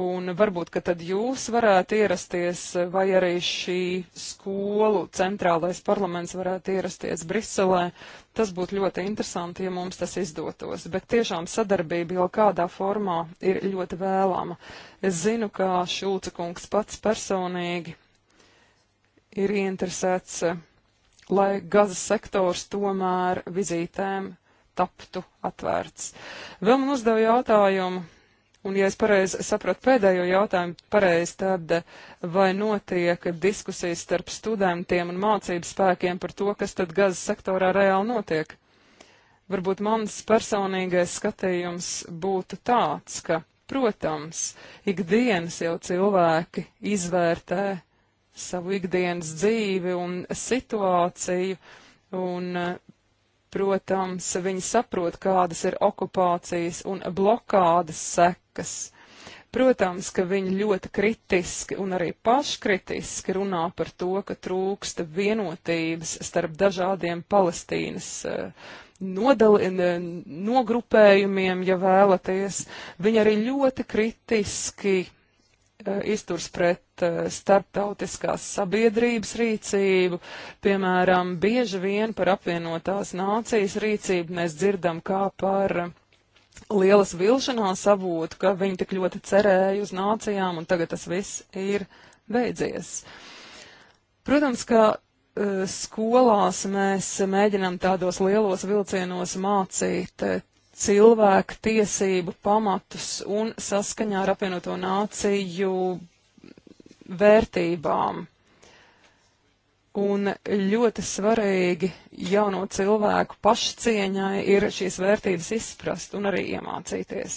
Un varbūt, ka tad jūs varētu ierasties, vai arī šī skolu centrālais parlaments varētu ierasties Briselē. Tas būtu ļoti interesanti, ja mums tas izdotos. Bet tiešām sadarbība jau kādā formā ir ļoti vēlama. Es zinu, ka Šulca kungs pats personīgi ir ieinteresēts, lai gazas sektors tomēr vizītēm taptu atvērts. Vēl man uzdeva jautājumu Un, ja es pareizi sapratu pēdējo jautājumu, pareizi, tad vai notiek diskusijas starp studentiem un mācības spēkiem par to, kas tad gazas sektorā reāli notiek? Varbūt mans personīgais skatījums būtu tāds, ka, protams, ikdienas jau cilvēki izvērtē savu ikdienas dzīvi un situāciju, un Protams, viņi saprot, kādas ir okupācijas un blokādas sekas. Protams, ka viņi ļoti kritiski un arī paškritiski runā par to, ka trūksta vienotības starp dažādiem Palestīnas eh, nodali, nogrupējumiem, ja vēlaties. Viņi arī ļoti kritiski Eh, izturs pret eh, starptautiskās sabiedrības rīcību. Piemēram, bieži vien par apvienotās nācijas rīcību mēs dzirdam kā par lielas vilšanās avotu, ka viņi tik ļoti cerēja uz nācijām un tagad tas viss ir beidzies. Protams, ka eh, skolās mēs mēģinām tādos lielos vilcienos mācīt cilvēku tiesību pamatus un saskaņā ar apvienoto nāciju vērtībām. Un ļoti svarīgi jauno cilvēku pašcieņai ir šīs vērtības izprast un arī iemācīties.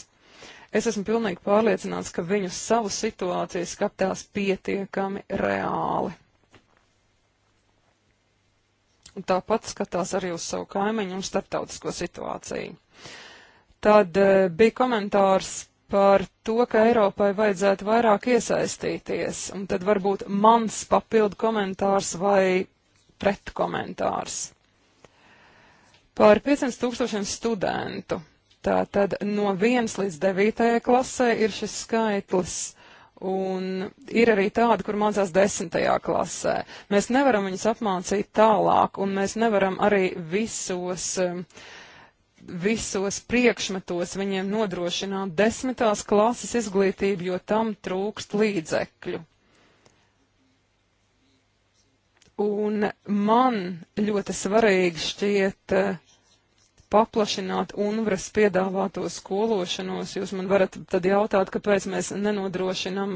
Es esmu pilnīgi pārliecināts, ka viņu savu situāciju skatās pietiekami reāli. Un tāpat skatās arī uz savu kaimiņu un starptautisko situāciju. Tad eh, bija komentārs par to, ka Eiropai vajadzētu vairāk iesaistīties, un tad varbūt mans papildu komentārs vai pretkomentārs. Par 500 tūkstošiem studentu. Tātad no 1 līdz 9 klasē ir šis skaitlis. Un ir arī tādi, kur mācās desmitajā klasē. Mēs nevaram viņus apmācīt tālāk, un mēs nevaram arī visos uh, visos priekšmetos viņiem nodrošināt desmitās klases izglītību, jo tam trūkst līdzekļu. Un man ļoti svarīgi šķiet uh, paplašināt UNVRAS piedāvāto skološanos. Jūs man varat tad jautāt, kāpēc mēs nenodrošinam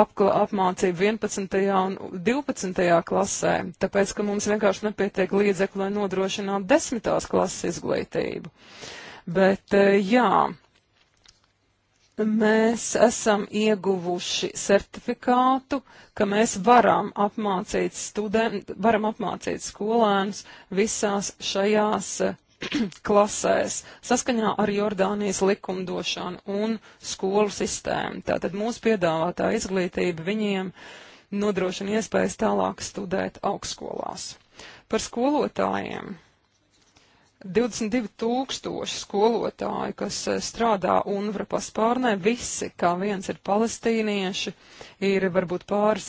apkla, apmācību 11. un 12. klasē, tāpēc, ka mums vienkārši nepietiek līdzekļu, lai nodrošinātu 10. klases izglītību. Bet e, jā, mēs esam ieguvuši certifikātu, ka mēs varam apmācīt student, varam apmācīt skolēnus visās šajās klasēs saskaņā ar Jordānijas likumdošanu un skolu sistēmu. Tātad mūsu piedāvātā izglītība viņiem nodrošina iespējas tālāk studēt augstskolās. Par skolotājiem 22 tūkstoši skolotāju, kas eh, strādā UNVRA paspārnē, visi kā viens ir palestīnieši, ir varbūt pāris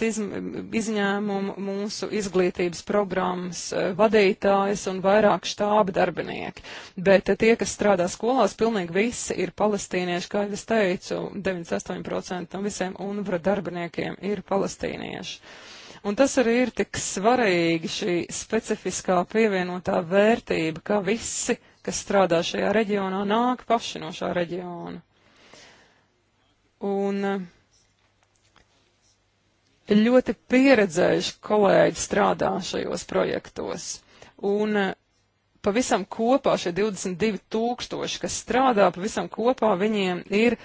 izņēmumu mūsu izglītības programmas eh, vadītājs un vairāk štāba darbinieki. Bet eh, tie, kas strādā skolās, pilnīgi visi ir palestīnieši, kā jau es teicu, 98% no visiem UNVRA darbiniekiem ir palestīnieši. Un tas arī ir tik svarīgi šī specifiskā pievienotā vērtība, ka visi, kas strādā šajā reģionā, nāk paši no šā reģiona. Un eh, ļoti pieredzējuši kolēģi strādā šajos projektos. Un eh, pavisam kopā šie 22 tūkstoši, kas strādā, pavisam kopā viņiem ir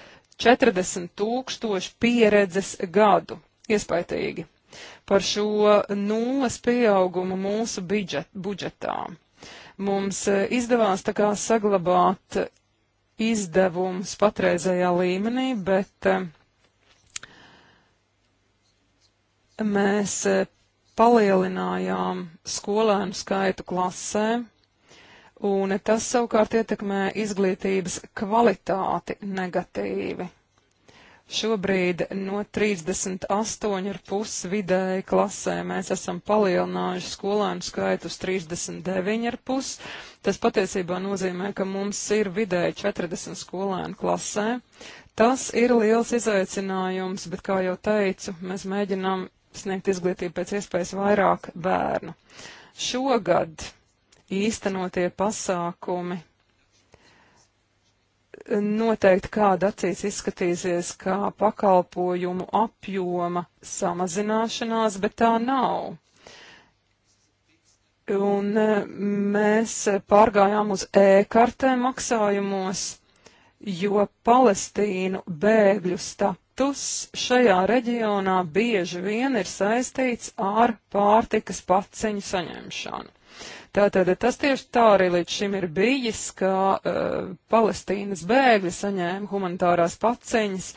40 tūkstoši pieredzes gadu. Iespaitīgi par šo nulles pieaugumu mūsu budžet, budžetā. Mums e, izdevās tā kā saglabāt izdevumus patreizējā līmenī, bet e, mēs e, palielinājām skolēnu skaitu klasē, un tas savukārt ietekmē izglītības kvalitāti negatīvi. Šobrīd no 38,5 vidēji klasē mēs esam palielinājuši skolēnu skaitu uz 39,5. Tas patiesībā nozīmē, ka mums ir vidēji 40 skolēnu klasē. Tas ir liels izaicinājums, bet, kā jau teicu, mēs mēģinām sniegt izglītību pēc iespējas vairāk bērnu. Šogad īstenotie pasākumi noteikti kāda acīs izskatīsies kā pakalpojumu apjoma samazināšanās, bet tā nav. Un e, mēs pārgājām uz e-kartē maksājumos, jo Palestīnu bēgļu status šajā reģionā bieži vien ir saistīts ar pārtikas paciņu saņemšanu. Tātad tas tieši tā arī līdz šim ir bijis, ka uh, Palestīnas bēgļi saņēma humanitārās paciņas.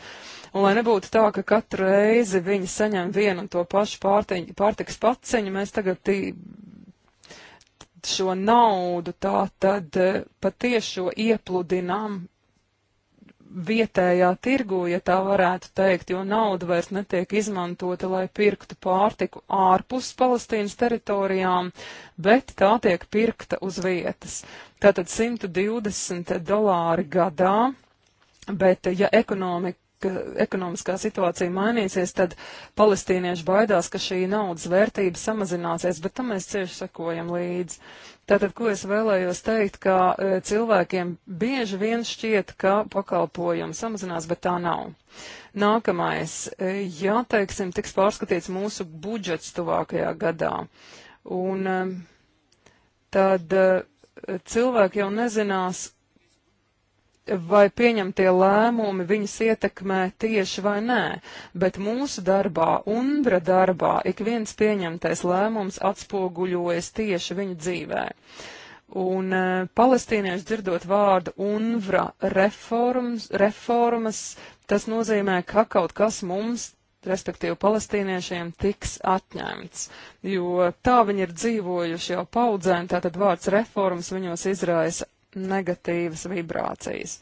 Un lai nebūtu tā, ka katru reizi viņi saņem vienu un to pašu pārtiņ, pārtiks paciņu, mēs tagad tī, šo naudu tā tad eh, patiešo iepludinām vietējā tirgu, ja tā varētu teikt, jo nauda vairs netiek izmantota, lai pirktu pārtiku ārpus Palestīnas teritorijām, bet tā tiek pirkta uz vietas. Tātad 120 dolāri gadā, bet ja ekonomika ekonomiskā situācija mainīsies, tad palestīnieši baidās, ka šī naudas vērtība samazināsies, bet tam mēs cieši sekojam līdzi. Tātad, ko es vēlējos teikt, ka e, cilvēkiem bieži vien šķiet, ka pakalpojumi samazinās, bet tā nav. Nākamais, e, ja, teiksim, tiks pārskatīts mūsu budžets tuvākajā gadā, un e, tad e, cilvēki jau nezinās, vai pieņemtie lēmumi viņas ietekmē tieši vai nē, bet mūsu darbā, UNBRA darbā, ik viens pieņemtais lēmums atspoguļojas tieši viņu dzīvē. Un e, palestīnieši dzirdot vārdu UNVRA reformas, reformas, tas nozīmē, ka kaut kas mums respektīvi palestīniešiem tiks atņemts, jo tā viņi ir dzīvojuši jau paudzēm, tātad vārds reformas viņos izraisa negatīvas vibrācijas.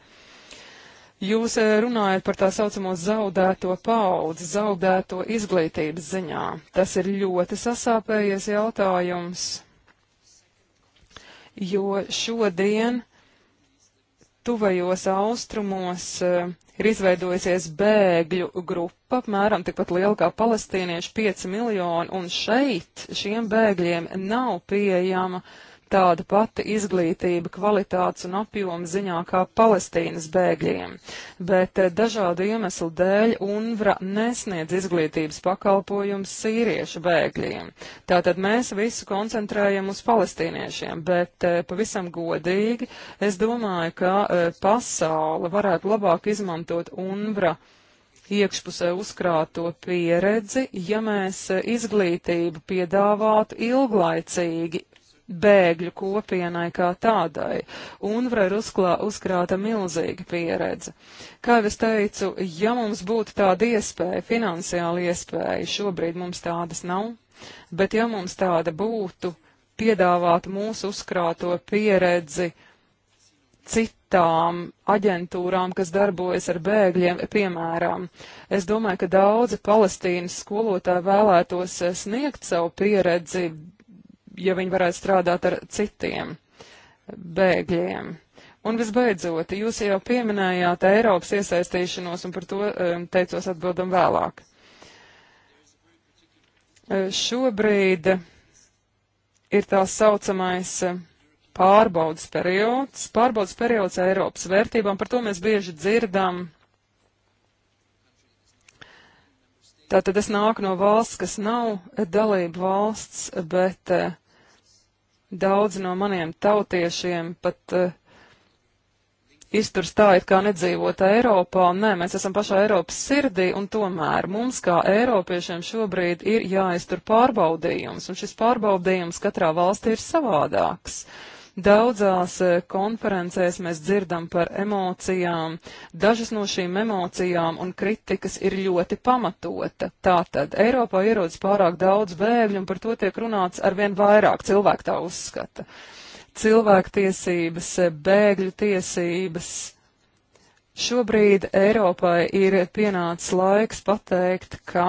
Jūs eh, runājat par tā saucamo zaudēto paudzi, zaudēto izglītības ziņā. Tas ir ļoti sasāpējies jautājums, jo šodien tuvajos austrumos eh, ir izveidojusies bēgļu grupa, apmēram tikpat liela kā palestīnieši - 5 miljoni, un šeit šiem bēgļiem nav pieejama uh, tāda pati izglītība kvalitātes un apjoma ziņā kā Palestīnas bēgļiem, bet eh, dažādu iemeslu dēļ UNVRA nesniedz izglītības pakalpojums sīriešu bēgļiem. Tātad mēs visu koncentrējam uz palestīniešiem, bet eh, pavisam godīgi es domāju, ka eh, pasaule varētu labāk izmantot UNVRA iekšpusē uzkrāto pieredzi, ja mēs izglītību piedāvātu ilglaicīgi bēgļu kopienai kā tādai. UNVRA ir uzklā, uzkrāta milzīga pieredze. Kā jau es teicu, ja mums būtu tāda iespēja, finansiāla iespēja, šobrīd mums tādas nav, bet ja mums tāda būtu, piedāvāt mūsu uzkrāto pieredzi citām aģentūrām, kas darbojas ar bēgļiem, piemēram. Es domāju, ka daudzi palestīnas skolotāji vēlētos sniegt savu pieredzi ja viņi varētu strādāt ar citiem bēgļiem. Un visbeidzot, jūs jau pieminējāt Eiropas iesaistīšanos, un par to um, teicos atbildam vēlāk. Uh, šobrīd ir tā saucamais uh, pārbaudas periods, pārbaudas periods Eiropas vērtībām, par to mēs bieži dzirdam. Tātad es nāku no valsts, kas nav dalība valsts, bet uh, Daudz no maniem tautiešiem pat uh, eh, izturst tā, it kā nedzīvot Eiropā, un nē, mēs esam pašā Eiropas sirdī, un tomēr mums, kā Eiropiešiem, šobrīd ir jāiztur pārbaudījums, un šis pārbaudījums katrā valstī ir savādāks. Uh, Daudzās eh, konferencēs mēs dzirdam par emocijām. Dažas no šīm emocijām un kritikas ir ļoti pamatota. Tātad Eiropā ierodas pārāk daudz bēgļu un par to tiek runāts arvien vairāk cilvēku tā uzskata. Cilvēktiesības, eh, bēgļu tiesības, Šobrīd Eiropai ir pienācis laiks pateikt, ka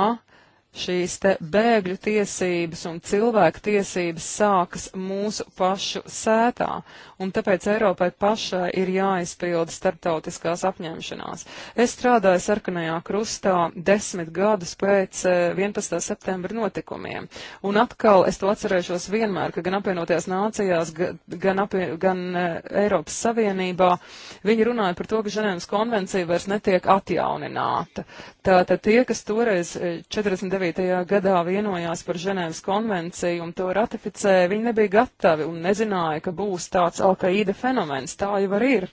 šīs te bēgļu tiesības un cilvēku tiesības sākas mūsu pašu sētā, un tāpēc Eiropai pašai ir jāizpilda starptautiskās apņemšanās. Es strādāju sarkanajā krustā desmit gadus pēc 11. Eh, septembra notikumiem, un atkal es to atcerēšos vienmēr, ka gan apvienotajās nācijās, gan, apie, gan eh, Eiropas Savienībā viņi runāja par to, ka Ženēvas konvencija vairs netiek atjaunināta. Tātad tie, kas toreiz 49 eh, 2009. gadā vienojās par Ženēvas konvenciju un to ratificēja, viņi nebija gatavi un nezināja, ka būs tāds Alkaīda fenomens. Tā jau arī ir.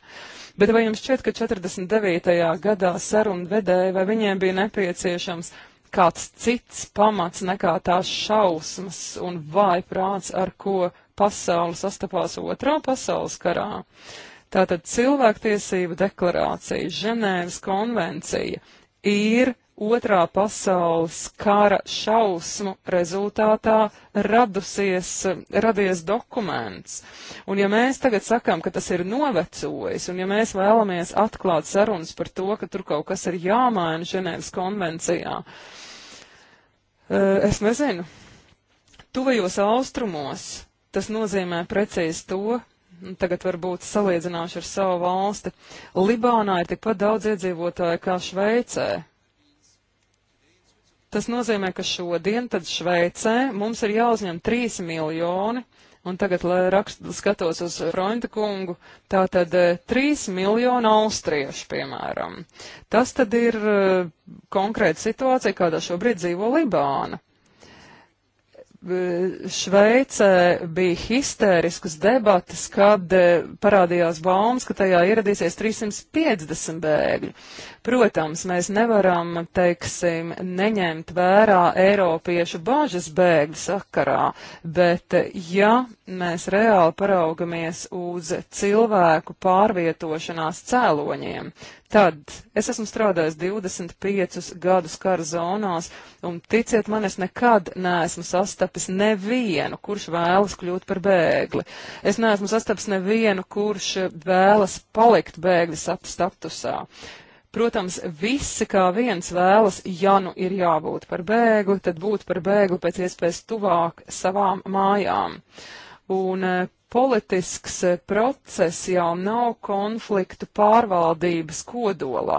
Bet vai jums šķiet, ka 49. gadā sarunu vedēji vai viņiem bija nepieciešams kāds cits pamats nekā tās šausmas un vājprāts, ar ko pasauli sastapās otrā pasaules karā. Tātad cilvēktiesību deklarācija, Ženēvas konvencija ir otrā pasaules kara šausmu rezultātā radusies, radies dokuments. Un ja mēs tagad sakam, ka tas ir novecojis, un ja mēs vēlamies atklāt sarunas par to, ka tur kaut kas ir jāmaina Ženēvas konvencijā, eh, es nezinu. Tuvajos austrumos tas nozīmē precīzi to, tagad varbūt salīdzināšu ar savu valsti, Libānā ir tikpat daudz iedzīvotāju kā Šveicē. Tas nozīmē, ka šodien, tad Šveicē, mums ir jāuzņem 3 miljoni, un tagad, lai rakst, skatos uz Fronta kungu, tā tad 3 eh, miljoni austriešu, piemēram. Tas tad ir eh, konkrēta situācija, kādā šobrīd dzīvo Libāna. Šveicē bija histēriskas debatas, kad parādījās baumas, ka tajā ieradīsies 350 bēgļu. Protams, mēs nevaram, teiksim, neņemt vērā Eiropiešu bāžas bēgļu sakarā, bet ja mēs reāli paraugamies uz cilvēku pārvietošanās cēloņiem, Tad es esmu strādājis 25 gadus kara zonās, un ticiet man, es nekad neesmu sastapis nevienu, kurš vēlas kļūt par bēgli. Es neesmu sastapis nevienu, kurš vēlas palikt bēgļa statusā. Protams, visi kā viens vēlas, ja nu ir jābūt par bēgli, tad būt par bēgli pēc iespējas tuvāk savām mājām. Un eh, politisks eh, process jau nav konfliktu pārvaldības kodolā,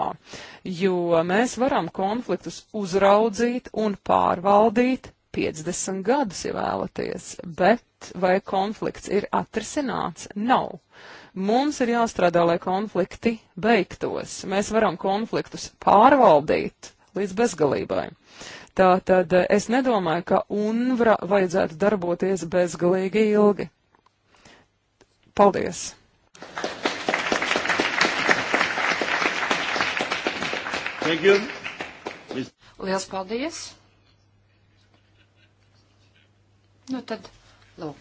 jo mēs varam konfliktus uzraudzīt un pārvaldīt 50 gadus, ja vēlaties, bet vai konflikts ir atrisināts? Nav. Mums ir jāstrādā, lai konflikti beigtos. Mēs varam konfliktus pārvaldīt līdz bezgalībai. Tātad eh, es nedomāju, ka UNVRA vajadzētu darboties bezgalīgi ilgi. Paldies! Thank you. Liels paldies! Nu tad, lūk,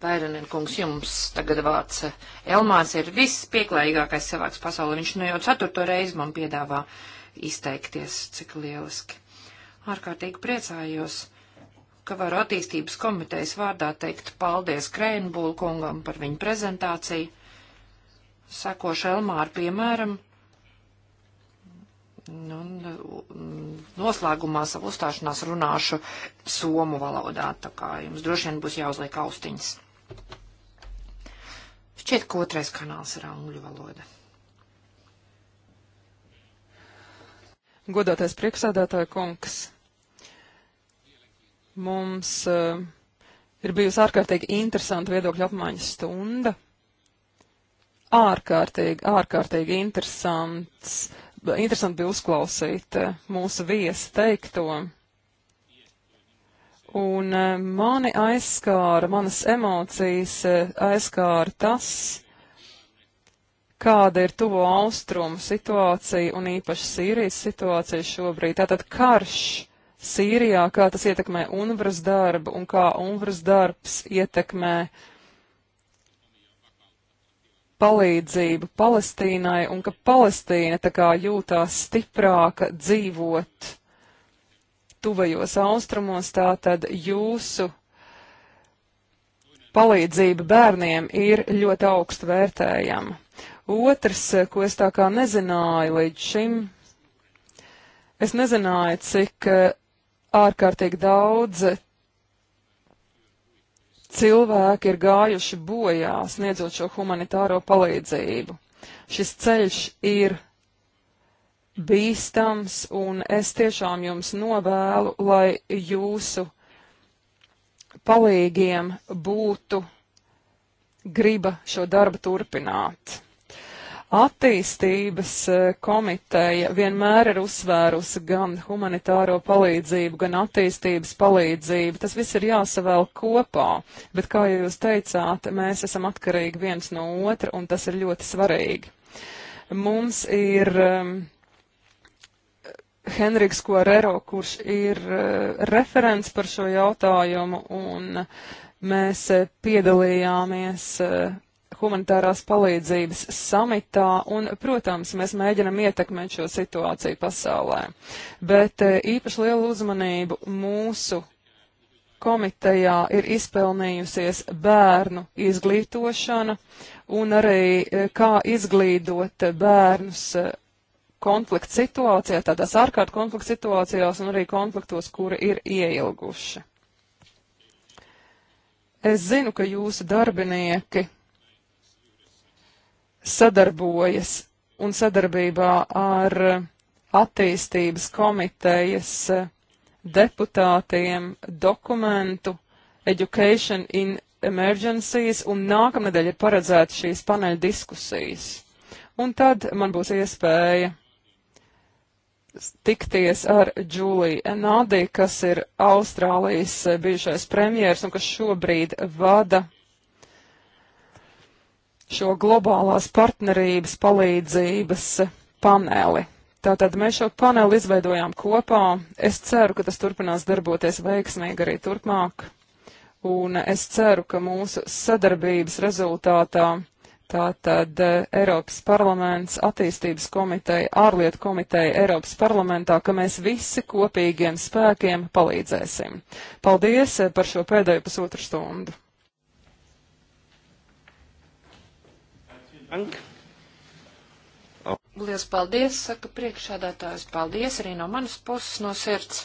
Tairinen kungs, jums tagad vārds. Elmārs ir viss pieklājīgākais cilvēks pasaulē. Viņš nu jau ceturto reizi man piedāvā izteikties, cik lieliski. Ārkārtīgi priecājos ka varu attīstības komitejas vārdā teikt paldies Krēnbulkungam par viņu prezentāciju. Sekošu Elmāru piemēram. Un nu, noslēgumā savu uzstāšanās runāšu somu valodā, tā kā jums droši vien būs jāuzliek austiņas. Šķiet, ka otrais kanāls ir angļu valoda. Godātais priekšsēdētāja kungs, Mums uh, ir bijusi ārkārtīgi interesanta viedokļa apmaiņas stunda. Ārkārtīgi, ārkārtīgi interesants, interesanti bija uzklausīt uh, mūsu viesi teikto. Un uh, mani aizskāra, manas emocijas uh, aizskāra tas, kāda ir tuvo austrumu situācija un īpaši Sīrijas situācija šobrīd. Tātad karš Sīrijā, kā tas ietekmē UNVRAS darbu un kā UNVRAS darbs ietekmē palīdzību Palestīnai un ka Palestīna tā kā jūtās stiprāka dzīvot tuvajos austrumos, tā tad jūsu palīdzība bērniem ir ļoti augstu vērtējama. Otrs, ko es tā kā nezināju līdz šim, es nezināju, cik ārkārtīgi daudz cilvēki ir gājuši bojā, sniedzot šo humanitāro palīdzību. Šis ceļš ir bīstams, un es tiešām jums novēlu, lai jūsu palīgiem būtu griba šo darbu turpināt. Attīstības eh, komiteja vienmēr ir uzsvērusi gan humanitāro palīdzību, gan attīstības palīdzību. Tas viss ir jāsavēl kopā, bet, kā jūs teicāt, mēs esam atkarīgi viens no otra, un tas ir ļoti svarīgi. Mums ir um, Henriks Korero, kurš ir uh, referents par šo jautājumu, un mēs uh, piedalījāmies uh, humanitārās palīdzības samitā, un, protams, mēs mēģinam ietekmēt šo situāciju pasaulē. Bet eh, īpaši lielu uzmanību mūsu komitejā ir izpelnījusies bērnu izglītošana un arī eh, kā izglīdot bērnus eh, konflikta situācijā, tādās ārkārt konflikta situācijās un arī konfliktos, kuri ir ieilguši. Es zinu, ka jūsu darbinieki sadarbojas un sadarbībā ar attīstības komitejas deputātiem dokumentu Education in Emergencies, un nākamnedēļ ir paredzēta šīs paneļa diskusijas. Un tad man būs iespēja tikties ar Džuliju Enādi, kas ir Austrālijas bijušais premjers un kas šobrīd vada šo globālās partnerības palīdzības paneli. Tātad mēs šo paneli izveidojām kopā. Es ceru, ka tas turpinās darboties veiksmīgi arī turpmāk. Un es ceru, ka mūsu sadarbības rezultātā tātad eh, Eiropas parlaments, attīstības komiteja, ārlietu komiteja Eiropas parlamentā, ka mēs visi kopīgiem spēkiem palīdzēsim. Paldies eh, par šo pēdējo pusotru stundu. Dank. Lielas paldies, saka priekšādātājs. Paldies arī no manas puses no sirds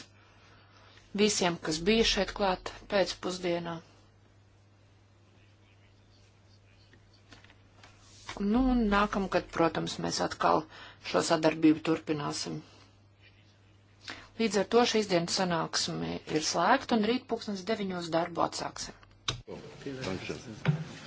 visiem, kas bija šeit klāt pēcpusdienā. Nu, un nākamgad, protams, mēs atkal šo sadarbību turpināsim. Līdz ar to šīs dienas sanāksme ir slēgta un rīt pūkstens deviņos darbu atsāksim. Paldies.